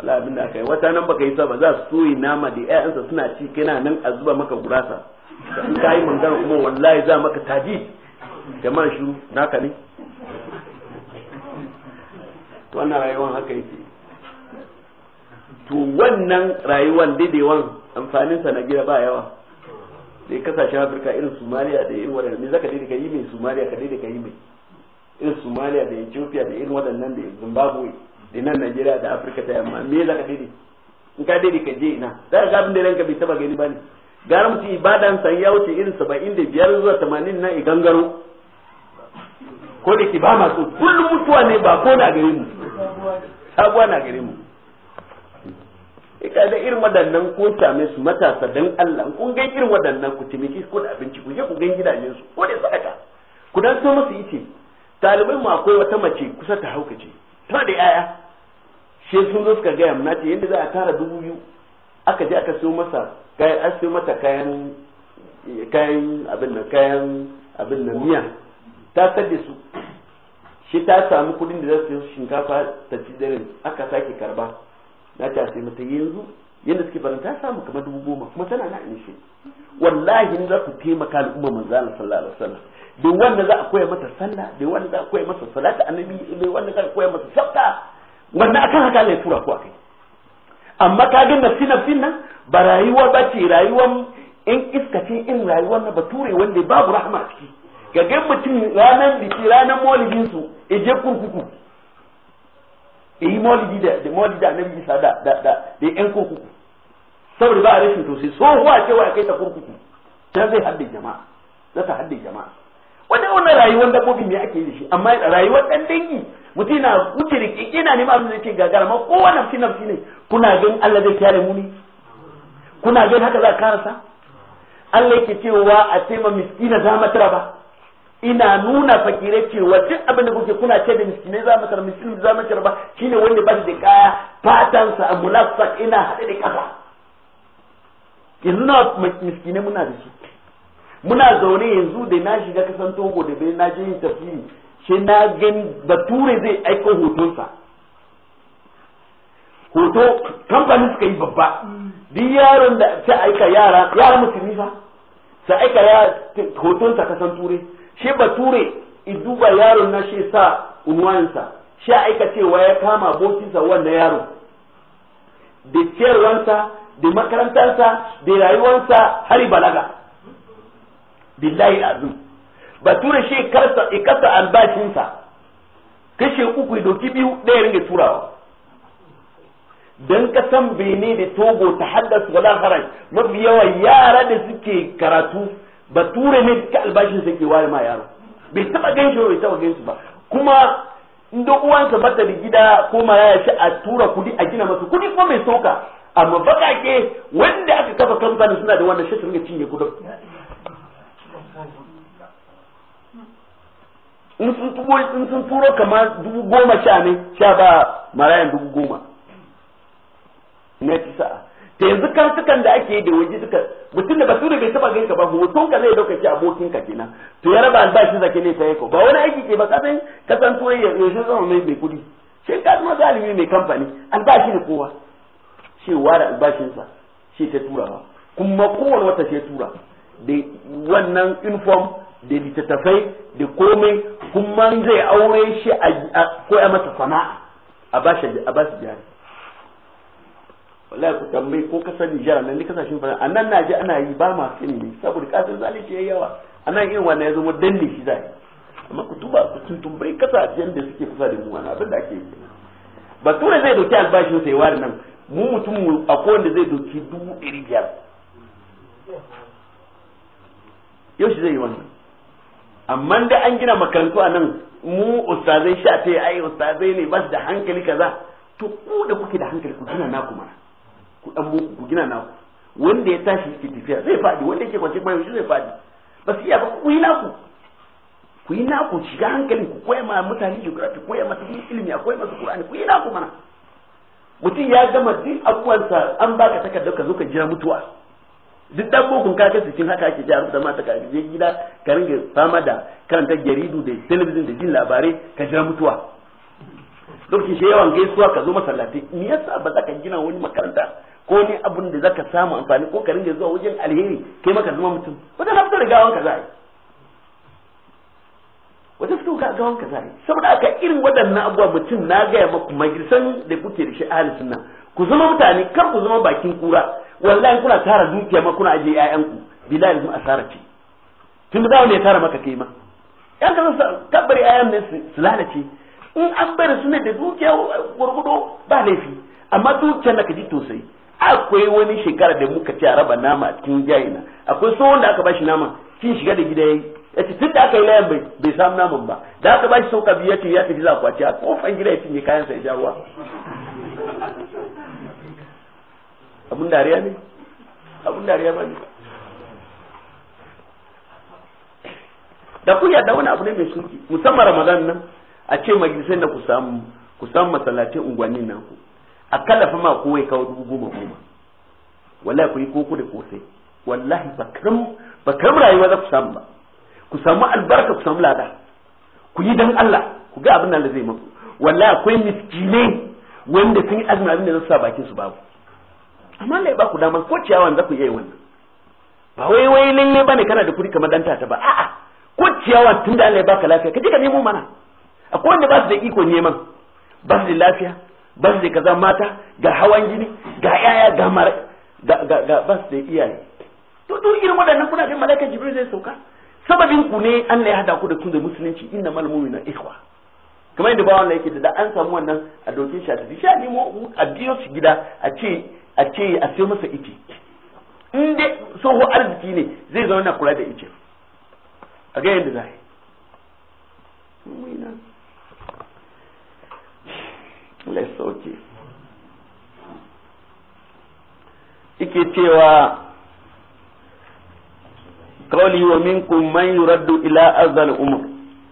wala abin da aka yi wata nan baka yi sa ba za su soyi nama da ƴaƴansa suna ci kina nan a zuba maka gurasa in ka yi mangana kuma wallahi za maka taji man shuru naka ne wannan rayuwar haka yake to wannan rayuwar daidaiwan amfaninsa na gida ba yawa da kasashen afirka irin somalia da irin waɗannan me zaka daidai ka yi mai somalia ka daidai ka yi mai irin somalia da ethiopia da irin waɗannan da zimbabwe da nan Najeriya da Afirka ta yamma me za ka daidai in ka daidai ka je ina za ka gabin da ranka bai taba gani ba ne gara mutum ibadan san ya wuce irin saba'in da biyar zuwa tamanin na igangaro ko da ke ba masu kullum mutuwa ne ba ko na gare mu sabuwa na gare mu da irin waɗannan ko same su matasa dan Allah kun ga irin waɗannan ku timiki ko da abinci ku je ku gan gidajen su ko da sadaka ku dan so musu ice talibai mu akwai wata mace kusa ta haukace ta da yaya sai sun zo suka gaya na ce yadda za a tara dubu biyu aka je aka siyo masa kayan an siyo mata kayan kayan abin nan kayan abin nan miya ta tadde su shi ta samu kudin da za su yi shinkafa ta ci dare aka sake karba na ce a sai mata yanzu yadda suke barin ta samu kamar dubu goma kuma tana na shi wallahi za ku taimaka al'umma manzo Allah sallallahu alaihi wasallam da wanda za a koya mata sallah da wanda za a koya masa salata annabi da wanda za a koya masa sabta Wannan akan haka Allah ya tura ku akai amma ka ga nafsi nafsin nan ba rayuwa ba ce rayuwar in iska ce in rayuwar na bature wanda babu rahama a ciki ga ga mutum ranar biki ranar maulidin su je kurkuku e yi maulidi da da maulidi da annabi Isa da da da da yan kurkuku saboda ba a rashin to sai ce wa kai ta kurkuku ta zai haddin jama'a za ta haddin jama'a wanda wannan rayuwar dabbobi ne ake yi da shi amma rayuwar dan dangi mutum na kike ina neman abin da yake gagara ma kowa nafsi nafsi ne kuna gan Allah zai tare mu ne kuna gan haka za ka karasa Allah yake cewa a taima miskina za tara ba ina nuna fakire cewa duk abin da kuke kuna ce da miskinai za mu tara miskin za mu ba shine wanda ba da kaya fatan sa amulafsa ina hade da kafa yanzu na miskinai muna da shi muna zaune yanzu da na shiga kasan Togo da bai na je yin tafsiri sai na gani bature zai aiko hotonsa hoto kamfanin suka yi babba duk yaron da ta aika yara yara musulmi fa sai aika ya hotonsa kasan ture shi bature duba yaron na shi sa unwayansa shi aika cewa ya kama abokinsa wannan yaro da ciyarwansa da makarantarsa da rayuwarsa har balaga billahi azim bature shi ikasa albashinsa kashe uku doki biyu ɗaya ringa turawa don kasan bene da togo ta haddasa wala haraj mafi yawa yara da suke karatu bature ne duka albashin sa ke ware ma yaro bai taba gan shi bai taba gan ba kuma inda uwansa bata da gida ko maraya shi a tura kudi a gina masa kudi ko mai soka amma bakake wanda aka kafa kamfani suna da wannan shi cinye kudin in sun turo in kamar dubu goma sha ne sha ba marayan dubu goma na ci sa'a ta yanzu kasukan da ake yi da waje duka mutum da basura bai taba ganka ba tun ka zai dauka ki abokin ka kenan to ya raba albashin zake ne ta yako ba wani aiki ke ba kasan kasan tuwai ya yanzu zama mai mai kudi shi ka zama zalimi mai kamfani albashi ne kowa shi ware albashinsa shi ta tura ba kuma kowane wata shi tura da wannan uniform da littattafai da komai kuma zai aure shi a koya mata sana'a a ba shi a ba shi jari wallahi ku tambayi ko sani Nijar nan ni kasashen fara a nan naje ana yi ba ma sani ne saboda kasar zalunci yayi yawa a nan irin wannan ya zama danne shi zai amma ku tuba ku tun tumbai kasashen da suke kusa da mu wannan abin da ake yi bature zai doki albashin sai wani nan mu mutum a kowanne zai doki dubu ɗari biyar yau shi zai yi wannan amma da an gina makarantu a nan mu ustazai sha ta ai ustazai ne ba da hankali kaza to ku da kuke da hankali ku gina naku mana ku dan ku gina naku wanda ya tashi yake tafiya zai fadi wanda yake kwance kuma shi zai fadi ba su iya ba ku yi naku ku yi naku shiga hankali ku koya ma mutane geography ku koya masu ilimi a koya masu qur'ani ku yi naku mana mutum ya gama din abubuwansa an baka takardar ka zo ka jira mutuwa duk dan bokun ka kasu cikin haka ake jihar da mata ka je gida ka ringa fama da karanta jaridu da talabijin da jin labarai ka jira mutuwa lokacin shi yawan gaisuwa ka zo masallatai me yasa ba za ka gina wani makaranta ko ne abin da zaka samu amfani ko ka ringa zuwa wajen alheri kai maka zama mutum wata na fito da gawan ka zai wata fito ga gawan ka za'a saboda aka irin waɗannan abubuwa mutum na gaya maku majalisan da kuke da shi ahli sunna ku zama mutane kar ku zama bakin kura wallahi kuna tara dukiya ma kuna ajiye ƴaƴanku bilal kuma asara ce tun da ne tara maka kai ma yan ka san kabbari ƴaƴan ne su lalace in an bari su ne da dukiya gurgudo ba laifi amma dukiyar da ka ji tosai akwai wani shekara da muka ci a raba nama a cikin jayina akwai so wanda aka bashi nama kin shiga da gida yayi yace tun da aka yi layan bai samu naman ba da aka bashi sauka biyu ya tafi za kwaci a kofan gida ya cinye kayan sai ya abun dariya ne abun dariya ba ne da kunya da wani abu ne mai suki musamman ramadan nan a ce majalisai na ku samu ku samu masallatai unguwannin nan ku a kallafa ma kowa ya kawo dubu goma goma wallahi ku yi koko da kosai wallahi ba karam rayuwa za ku samu ba ku samu albarka ku samu lada ku yi dan Allah ku ga abin da zai maku wallahi akwai miskinai wanda sun yi azumi abin da za su sa bakin su babu amma Allah ba ku dama ko ciyawan za ku iya wannan ba wai wai nin ne ne kana da kuɗi kamar dan tata ba a'a ko ciyawan tun da Allah ya baka lafiya ka je ka nemo mana akwai wanda ba su da iko neman ba su da lafiya ba su da kaza mata ga hawan gini ga yaya ga mar ga ga ba su da iyaye to duk irin waɗannan kuna ga malaikar jibril zai sauka sababin ku ne Allah ya hada ku da tunda musulunci inna mal mu'mina ikhwa kamar yadda bawan da yake da an samu wannan a dokin shi a tafi sha nemo a biyo su gida a ce a ce a sai masa ice in dai soho arziki ne zai na kula da ice a ga yadda za Let's okay. Ike cewa kawali wa minkum man yuraddu ila azal umur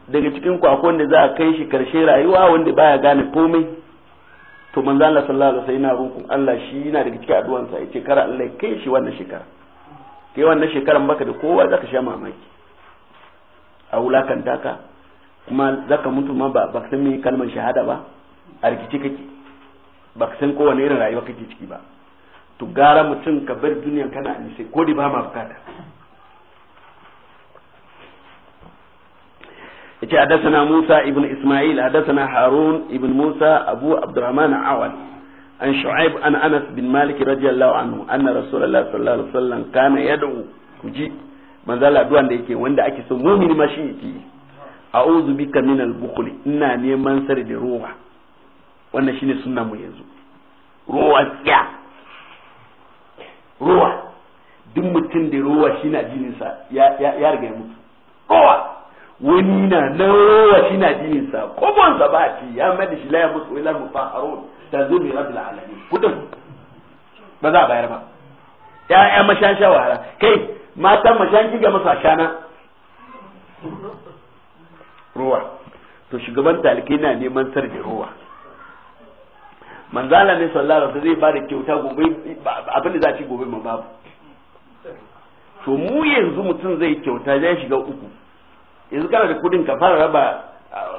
daga cikin ku akwai za a kai shi karshe rayuwa wanda baya gane komai to manzo Allah sallallahu alaihi wasallam yana roƙon Allah shi yana daga cikin sa yace kara Allah kai shi wannan shekara kai wannan shekaran baka da kowa zaka sha mamaki a wulakanta ka kuma zaka mutu ma ba ka san me kalmar shahada ba a rikici kake ba ka san kowane irin rayuwa kake ciki ba to gara mutum ka bar duniyan kana sai ko da ba ma bukata yace hadathana Musa ibn Isma'il hadathana Harun ibn Musa Abu Abdurrahman Awal an Shu'aib an Anas bin Malik radiyallahu anhu anna Rasulullah sallallahu alaihi wasallam kana yad'u kuji manzo Allah duwan da yake wanda ake so mu'mini ma shi yake a'udhu bika min al-bukhl ina neman sari da ruwa wannan shine sunna mu yanzu ruwa tsiya ruwa duk mutum da ruwa shine ajininsa ya ya riga ya mutu ruwa wani na nawa shi na dinin sa kobon sa ba ci ya mai shi laya musu ilal mutahharun mai rabbil alamin kudin ba za a bayar ba ya ya mashan shawara kai matan mashan kiga masa shana ruwa to shugaban talikai na neman sarge ruwa manzala ne sallallahu alaihi zai bada kyauta gobe abin da za ci gobe ma babu to mu yanzu mutum zai kyauta zai shiga uku yanzu kana da kudin ka fara raba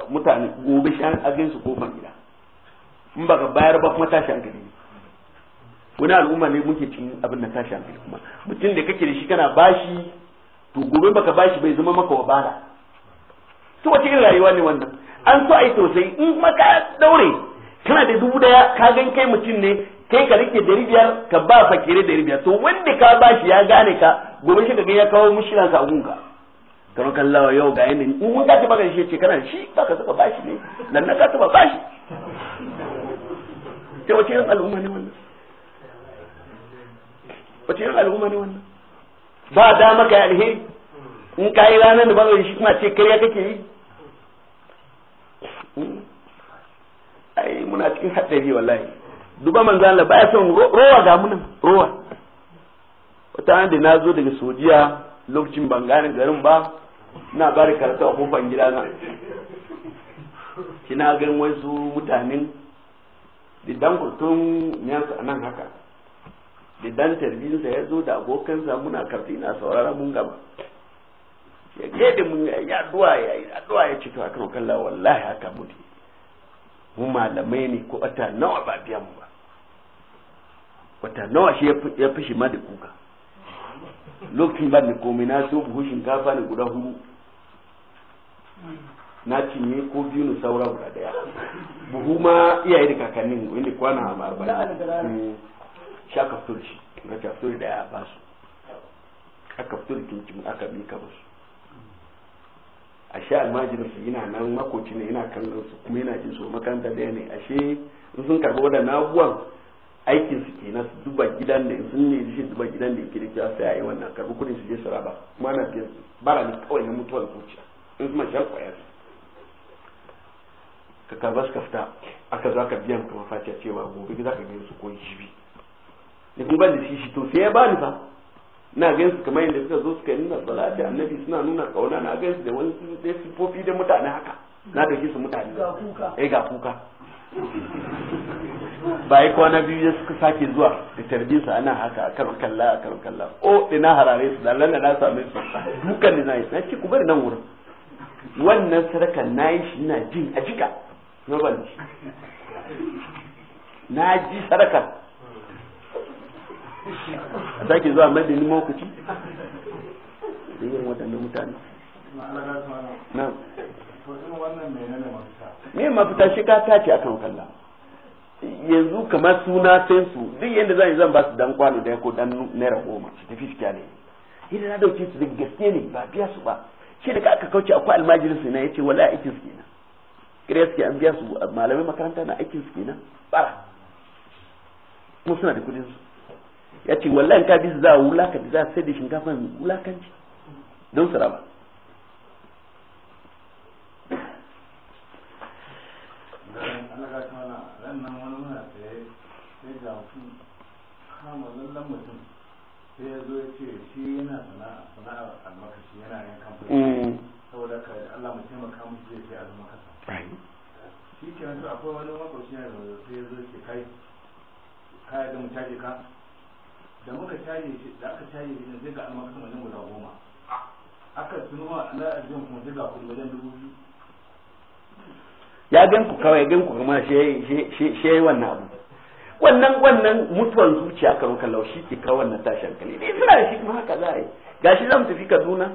mutane gobe shan agin su kofar gida in baka bayar ba kuma tashi hankali wani al'umma ne muke cin abin da tashi hankali kuma mutum da kake da shi kana bashi to gobe baka bashi bai zama maka bara to wace irin rayuwa ne wannan an so ai tausayi in kuma ka daure kana da dubu daya ka gan kai mutum ne kai ka rike dari biyar ka ba fakire dari biyar to wanda ka bashi ya gane ka gobe shi ka ga ya kawo mushilansa a gunka kamar kallawa yau ga yanayi in mun kace baka shi ce kana shi ba ka saka bashi ne nan na ka ba bashi to wace yin al'umma ne wannan wace yin al'umma ne wannan ba dama ka yi alheri in ka yi ranar da baka shi kuma ce karya kake yi ai muna cikin haɗari wallahi duba manzo Allah baya son rowa ga munan rowa wata da na zo daga sojiya lokacin ban gane garin ba na bari karatu a kofan gida na kina ganin su mutanen didan kurtun yansu a nan haka didan tarbiyinsa ya zo da abokansa muna karfi na saurara mun gaba ya da mun ya addu'a ya yi ya cikin akan kalla wallahi haka mutu mu malamai ne ko wata nawa ba biyan mu ba wata nawa shi ya shi ma da kuka lokacin ba da komai na so buhu shinkafa ne guda hudu na cinye ko biyu ne saura guda daya buhu ma iyaye da kakannin wanda kwana a arba'in mm. sha kaftur shi na kaftur daya a su a kaftur kinkin aka bi ka basu a sha almajirin su yana nan makoci ne yana kan su kuma yana jin su makanta daya ne ashe in sun karbi waɗannan abubuwan aikin su ke su duba gidan da sun ne shi duba gidan da yake da kyau sai ayi wannan karbi kudin su je su raba kuma na biyan su bara ne kawai na mutuwar zuciya in kuma shan kwaya su ka karba su kafta fita aka za aka biyan ka mafaci cewa gobe za ka gaisu su ko jibi ne kun ban da shi shi to sai ya ba ni fa na gan su kamar yadda suka zo suka nuna salati annabi suna nuna kauna na gan su da wani sifofi da mutane haka na da su mutane eh ga kuka ba yi kwana biyu ya suka sake zuwa da tarbiyarsa ana haka a kan kalla a kan kalla o ina harare su da lalla na same su dukan da na yi na ku bari nan wurin wannan sadaka na yi shi ina jin a jika na ban na ji sadaka a sake zuwa madinin mawukaci da yin waɗannan mutane na me mafita shi ka tace akan kalla yanzu kamar suna sensu su duk yadda zan yi zan ba su dan kwano da ko dan naira goma su tafi su kyale idan na dauke su da gaske ne ba biya su ba shi da aka kauce akwai almajirin su na yace wala aikin su kenan kire suke an biya su malamai makaranta na aikin su kenan bara kuma suna da kudin su ya ce wallahi in ka bi su za a wulakanci za a sai da shinkafa wulakanci don su raba Thank you. kullum mutum sai ya zo ya ce shi yana sana'a sana'ar almakashi yana yin kamfani mm. saboda ka Allah mu taimaka mu zai ce almakasa shi ke nan akwai wani makwabci yana da sai ya zo ya ce kai kaya da mu caje ka da muka caje shi da aka caje shi zai ga almakasa wajen guda goma aka tunuwa na ajiyar kuma zai ga kudi wajen dubu biyu ya ganku kawai ganku kuma shi ya yi wannan abu wannan wannan mutuwan zuciya kan kallau shi ke kawo wannan tashi hankali ne eh, suna shi kuma haka za a yi gashi za mu tafi kaduna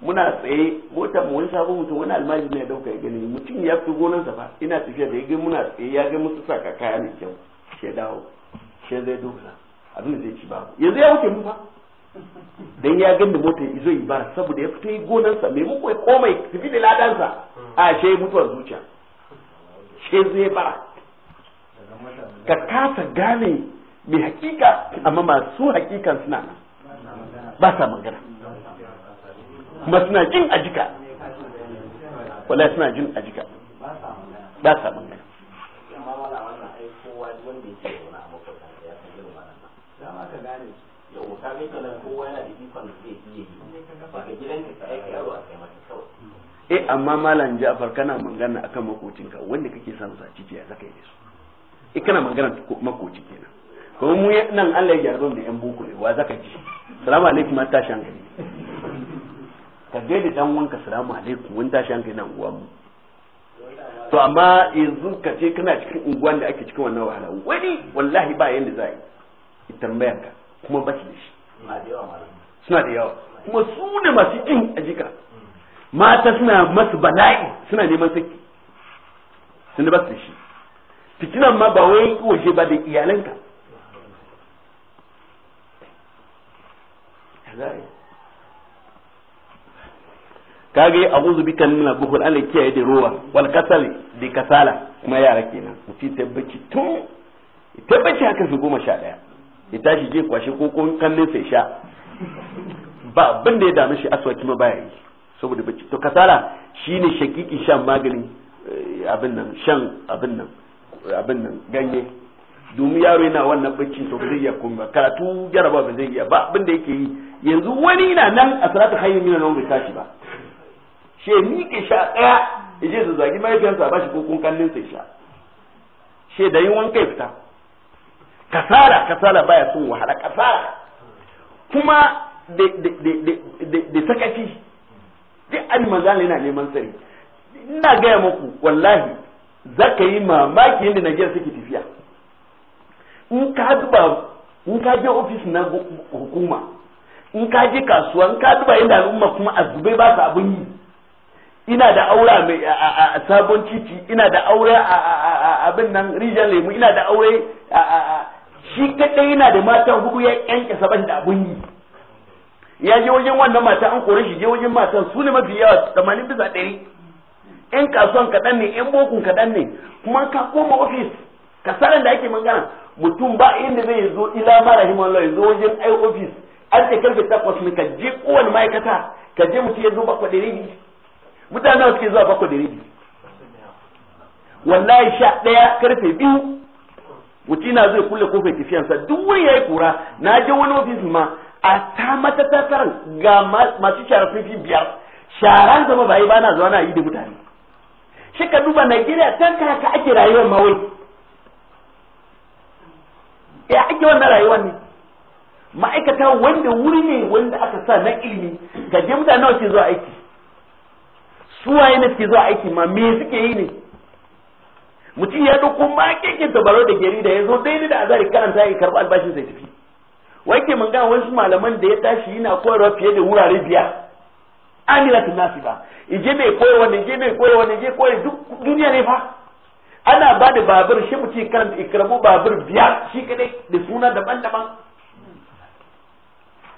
muna tsaye motar mu wani sabon mutum wani almaji ne ya dauka ya gani mutum ya fi gonansa ba ina tafiya da ya ga muna tsaye ya ga musu saka kaya ne kyau shi dawo shi zai dosa abin zai ci babu yanzu ya wuce mu fa dan ya ganda motar izo yi ba saboda ya fito yi sa, mai muku ya komai tafi da sa, a shi mutuwar zuciya shi zai bara ka kasa gane mai hakika amma masu hakikan suna nan ba sa magana kuma suna jin ajika wala suna jin ajika ba sa magana eh amma malam Ja'far kana magana akan makocinka wanda kake samun sa cikiya ya zaka yi su ikana eh, magana makoci kenan kuma mu nan Allah ya jarabe da yan boko ne wa zaka ji salamu alaikum an tashi gani. ka da dan wanka salamu alaikum mun tashi hankali nan uwan mu to amma yanzu ka ce kana cikin unguwan da ake cikin wannan wahala wani wallahi ba yanda za a yi tambayar ka kuma ba shi da shi suna da yawa kuma su ne masu kin ajika mata suna masu bala'i suna neman saki sun da ba su da shi fitinan ma ba wai waje ba da iyalanka kage a guzu bi al nuna an ala kiyaye da ruwa wal kasal da kasala kuma yara kenan mutum tabbaci tun tabbaci haka fi goma sha daya ya tashi je kwashe ko kun kallon sai sha ba abin da ya dami shi aswaki ma baya yi saboda bacci to kasala shine shakiki shan maganin eh, abin nan shan abin nan abin nan ganye domin yaro yana wannan bacci to zai iya kuma karatu jaraba ba zai iya ba abin da yake yi yanzu wani na nan a salatu hayyin mina nan bai tashi ba she ke sha ɗaya yaje je su zagi mahaifiyarsa ba shi kokon kallin sai sha she da yin wanka fita kasara kasara baya son wahala kasara kuma da sakaci duk an manzana yana neman sari ina gaya muku wallahi za ka yi mamaki yadda Najeriya suke tafiya in ka duba in ka je ofis na hukuma in ka je kasuwa in ka duba yadda al'umma kuma a zubai ba su abin yi ina da aura mai a sabon titi ina da aure a abin nan rijiyar lemu ina da aure shi kadai yana da mata hudu ya yanke saban da abin yi ya je wajen wannan mata an kore shi je wajen matan su ne mafi yawa 80 bisa 100 yan kasuwan kaɗan ne yan bokun kaɗan ne kuma ka koma ofis kasaran da ake magana mutum ba inda zai zo ila mara himallah ya zo wajen ai ofis an ce karfe takwas ne ka je kowane ma'aikata ka je mutum ya zo bakwai ɗari rabi mutane suke zuwa bakwai ɗari rabi wallahi sha ɗaya karfe biyu mutum na zai kulle kofar tafiyansa duk wani ya yi kura na je wani ofis ma a ta mata takarar ga masu shara fifi biyar shara zama ba yi ba na zuwa na yi da mutane shi duba Najeriya can ka haka ake rayuwar ma wai ya ake wannan rayuwar ne ma'aikata wanda wuri ne wanda aka sa na ilimi ga je mutane nawa ke zuwa aiki su waye ne ke zuwa aiki ma me suke yi ne mutum ya dauko ma kekin tabarau da gari da ya zo daidai da azari karanta ya karɓi albashin sai tafi wai ke mun ga wasu malaman da ya tashi yana koyarwa fiye da wurare biyar amiratun nasi ba ije mai koyarwa ne je mai koyarwa ne je koyar duk duniya ne fa ana ba da babur shi mutum karanta ikramu babur biyar shi kadai da suna daban-daban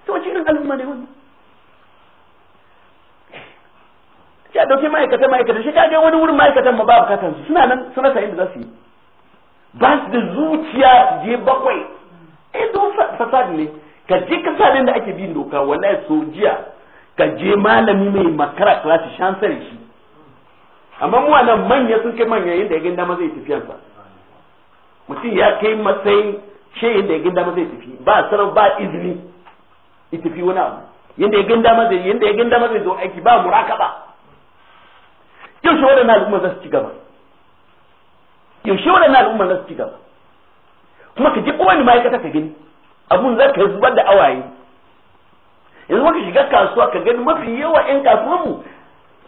to shi irin al'umma ne wani? shi a dauke ma'aikata ma'aikata shi kaje wani wurin ma'aikatan ma ba bukatan su suna nan suna sayin da za su yi ba su da zuciya je bakwai eh don fasadi ne ka je kasa ne da ake bin doka wallahi so jiya ka je malami mai makara klasi shansar shi amma mu nan manya sun kai manya yadda ya ginda ma zai tafiyansa mutum ya kai matsayin she yadda ya ginda ma zai tafi ba sanar ba izini ya tafi wani abu yadda ya ginda ma zai yadda ya ginda ma zai zo aiki ba ba yaushe waɗannan al'umma za su ci gaba yaushe waɗannan al'umma za su ci gaba kuma ka ji kowane ma'aikata ka gani abun za ka zubar da awaye yanzu maka shiga kasuwa ka gani mafi yawa yan kasuwan mu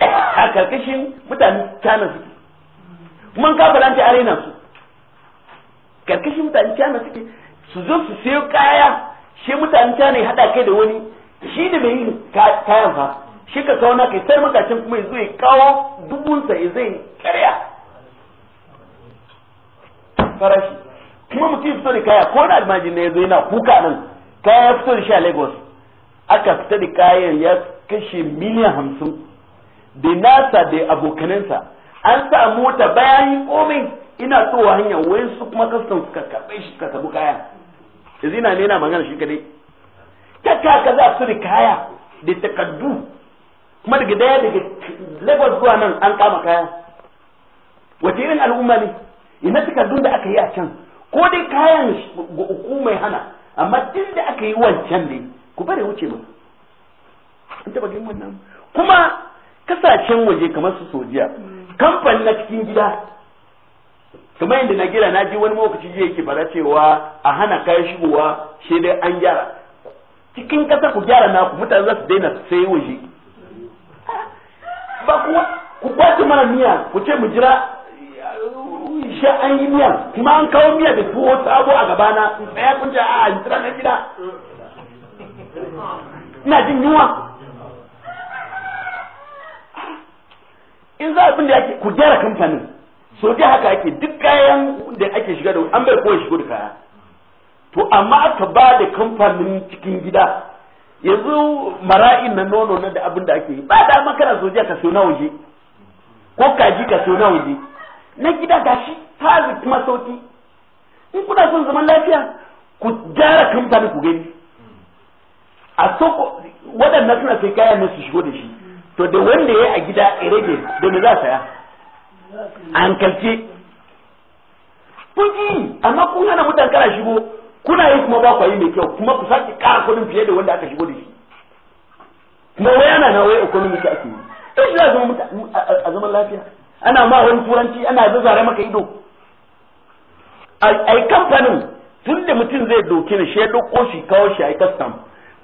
a karkashin mutane China suke kuma ka faɗa ta arena su karkashin mutane China suke su zo su sayo kaya shi mutane China ya hada kai da wani shi da mai yin kayan fa shi ka kawo na kai sai makacin kuma ya zo ya kawo dubunsa ya zai karya farashi kuma mutum fito da kaya ko na almajin ne ya zo yana kuka nan kaya ya fito da shi a Lagos aka fita da kayan ya kashe miliyan hamsin da nasa da abokanansa an sa mota bayan komai ina towa hanya wayan su kuma kasan suka karɓe shi suka karɓi kaya da zina ne na magana shi kadai kaka za su da kaya da takaddu kuma daga daya daga lagos zuwa nan an kama kaya wace irin al'umma ne ina takardun da aka yi a can ko dai kayan hukumai hana amma tun da aka yi wancan ne ku bari wuce ba? an taba gani wannan kuma kasashen waje kamar su sojiya kamfani na cikin gida kamar yadda na gira na ji wani lokaci jiya yake fara cewa a hana kayan shigowa shi dai an gyara cikin kasar ku gyara ku mutane za su daina sai waje ba kuwa ku kwace mana miya ku ce mu jira sha an yi miya kuma an kawo miya da tuwo sabo a gabana in tsaya kun ce a jira na gida ina jin yunwa in za abin da yake ku gyara kamfanin so dai haka ake duk kayan da ake shiga da an bai kowa shigo da kaya to amma aka ba da kamfanin cikin gida yanzu mara'in na nono na da abin da ake yi ba da makara soja ka so na waje ko kaji ka so na waje na gida gashi ta kuma sauki in kuna son zaman lafiya ku gyara kamfanin ku gani a soko waɗannan suna sai kayan ne su shigo da shi to da wanda ya a gida a rage da me za saya an kalce kun amma kun hana mutan kana shigo kuna yi kuma ba ku yi mai kyau kuma ku sake kara kuɗin fiye da wanda aka shigo da shi kuma wai ana na wai economy ka ake yi to eh, shi za a zaman lafiya ana ma wani turanci ana zazzare maka ido ai kamfanin tun da mutum zai doke shi ya ɗauko shi kawo shi ai kastam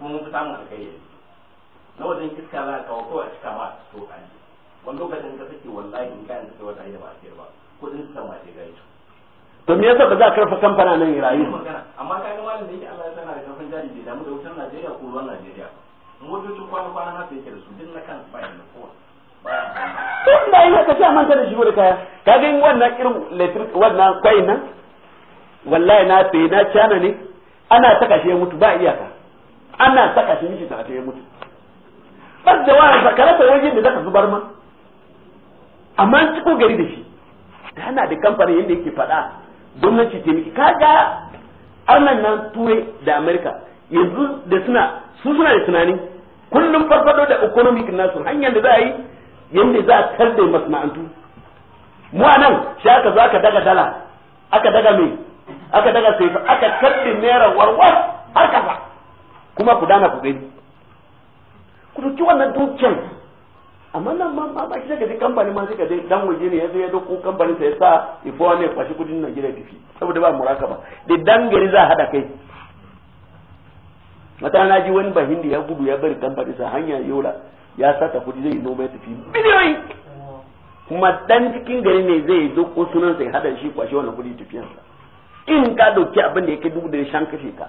kuma mun fi samun ka kai na wajen iska za ka kawo kawai a cika ma a to ka ji wani lokacin ka sake wallahi in kayan da kai wata da ba a siyar ba kudin su sama sai gaji to me yasa ba za a karfa kamfana nan ya rayu amma ka ga malam da yake Allah ya sanar da kamfan jari bai damu da wutar Najeriya ko ruwan Najeriya motocin kwana kwana na sai ke da su duk na kan bayan da kowa to ina yi haka sai manta da shigo da kaya ka ga wannan irin letter wannan kwai nan wallahi na sai na cana ne ana saka shi ya mutu ba iyaka ana saka shi miki sarata ya mutu bas da wani sakarata wajen da zaka zubar ma amma an ciko gari da shi hana da kamfanin yadda yake faɗa nan ce miki kaga arnan nan turai da amerika yanzu da suna su suna da tunani kullum farfado da economic nasu hanyar da za a yi yadda za a karɗe masana'antu mu a nan shi aka zo aka daga dala aka daga mai aka daga sai aka naira warwar har kasa kuma ku dana ku gani ku duki wannan dukiyar amma nan ma ba shi daga kamfani ma suka dai dan waje ne ya sai ya dauko kamfanin sa ya sa ifo ne kwashi kudin Najeriya tafi saboda ba murakaba da dan gari za hada kai mata na ji wani bahindi ya gudu ya bari kamfani sa hanya yola ya sata kudi zai noma ya tafi biliyoyi kuma dan cikin gari ne zai dauko sunan sa ya hada shi kwashi wannan kudi sa in ka dauki abin da yake dubu da shan kashe ka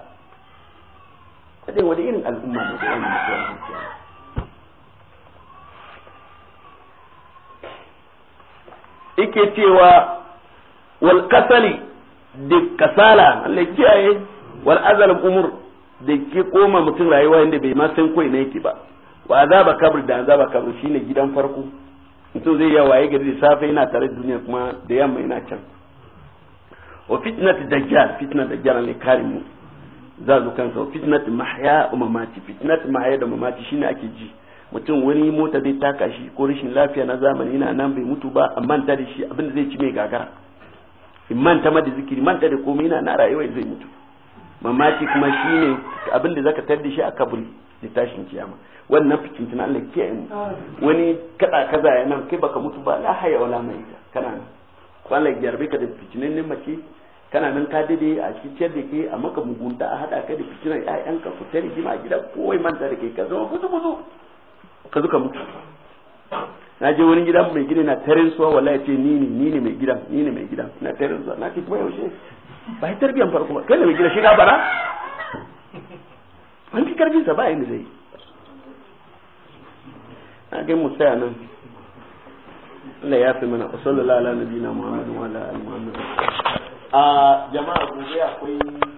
kadai wani irin al'umma ne da yawan mutuwar zuciya ike cewa wal kasali da kasala Allah kiyaye wal azal umur da ke koma mutum rayuwa inda bai ma san koi na yake ba wa azaba kabr da azaba kabr shine gidan farko mutum zai yawa ya gari da safe yana tare da duniya kuma da yamma yana can wa fitnat dajjal fitnat dajjal ne karin mu za zo kansa fitnat mahya wa mamati fitnat mahya da mamati shine ake ji mutum wani mota zai taka shi ko rashin lafiya na zamani yana nan bai mutu ba amma ta da shi abin da zai ci mai gagara in manta ma da zikiri manta da komai yana na rayuwa zai mutu mamaci kuma shine abin da zaka tarda shi a kabul da tashin kiyama wannan fikin tana Allah kiyaye mu wani kada kaza yana kai baka mutu ba la haya wala mai kana ko Allah ya yarbe ka da fitinin mace kana nan ka dade a ciyar da ke a maka mugunta a hada ka da fitinan ƴaƴanka ku ta rigima a gida kowai manta da ke ka zama buzu buzu ka zuka mutu na je wani gidan mai gida na tarin suwa wallahi ce ni ne ni ne mai gidan ni ne mai gidan na tarin suwa na ce kuma yaushe ba ya tarbiyan farko ba kai ne mai gida shiga bara an fi karfin sa ba yanda zai na ga mu tsaya nan Allah ya fi mana sallallahu ala na muhammadu wa ala muhammadu. a ah, jama'a gobe akwai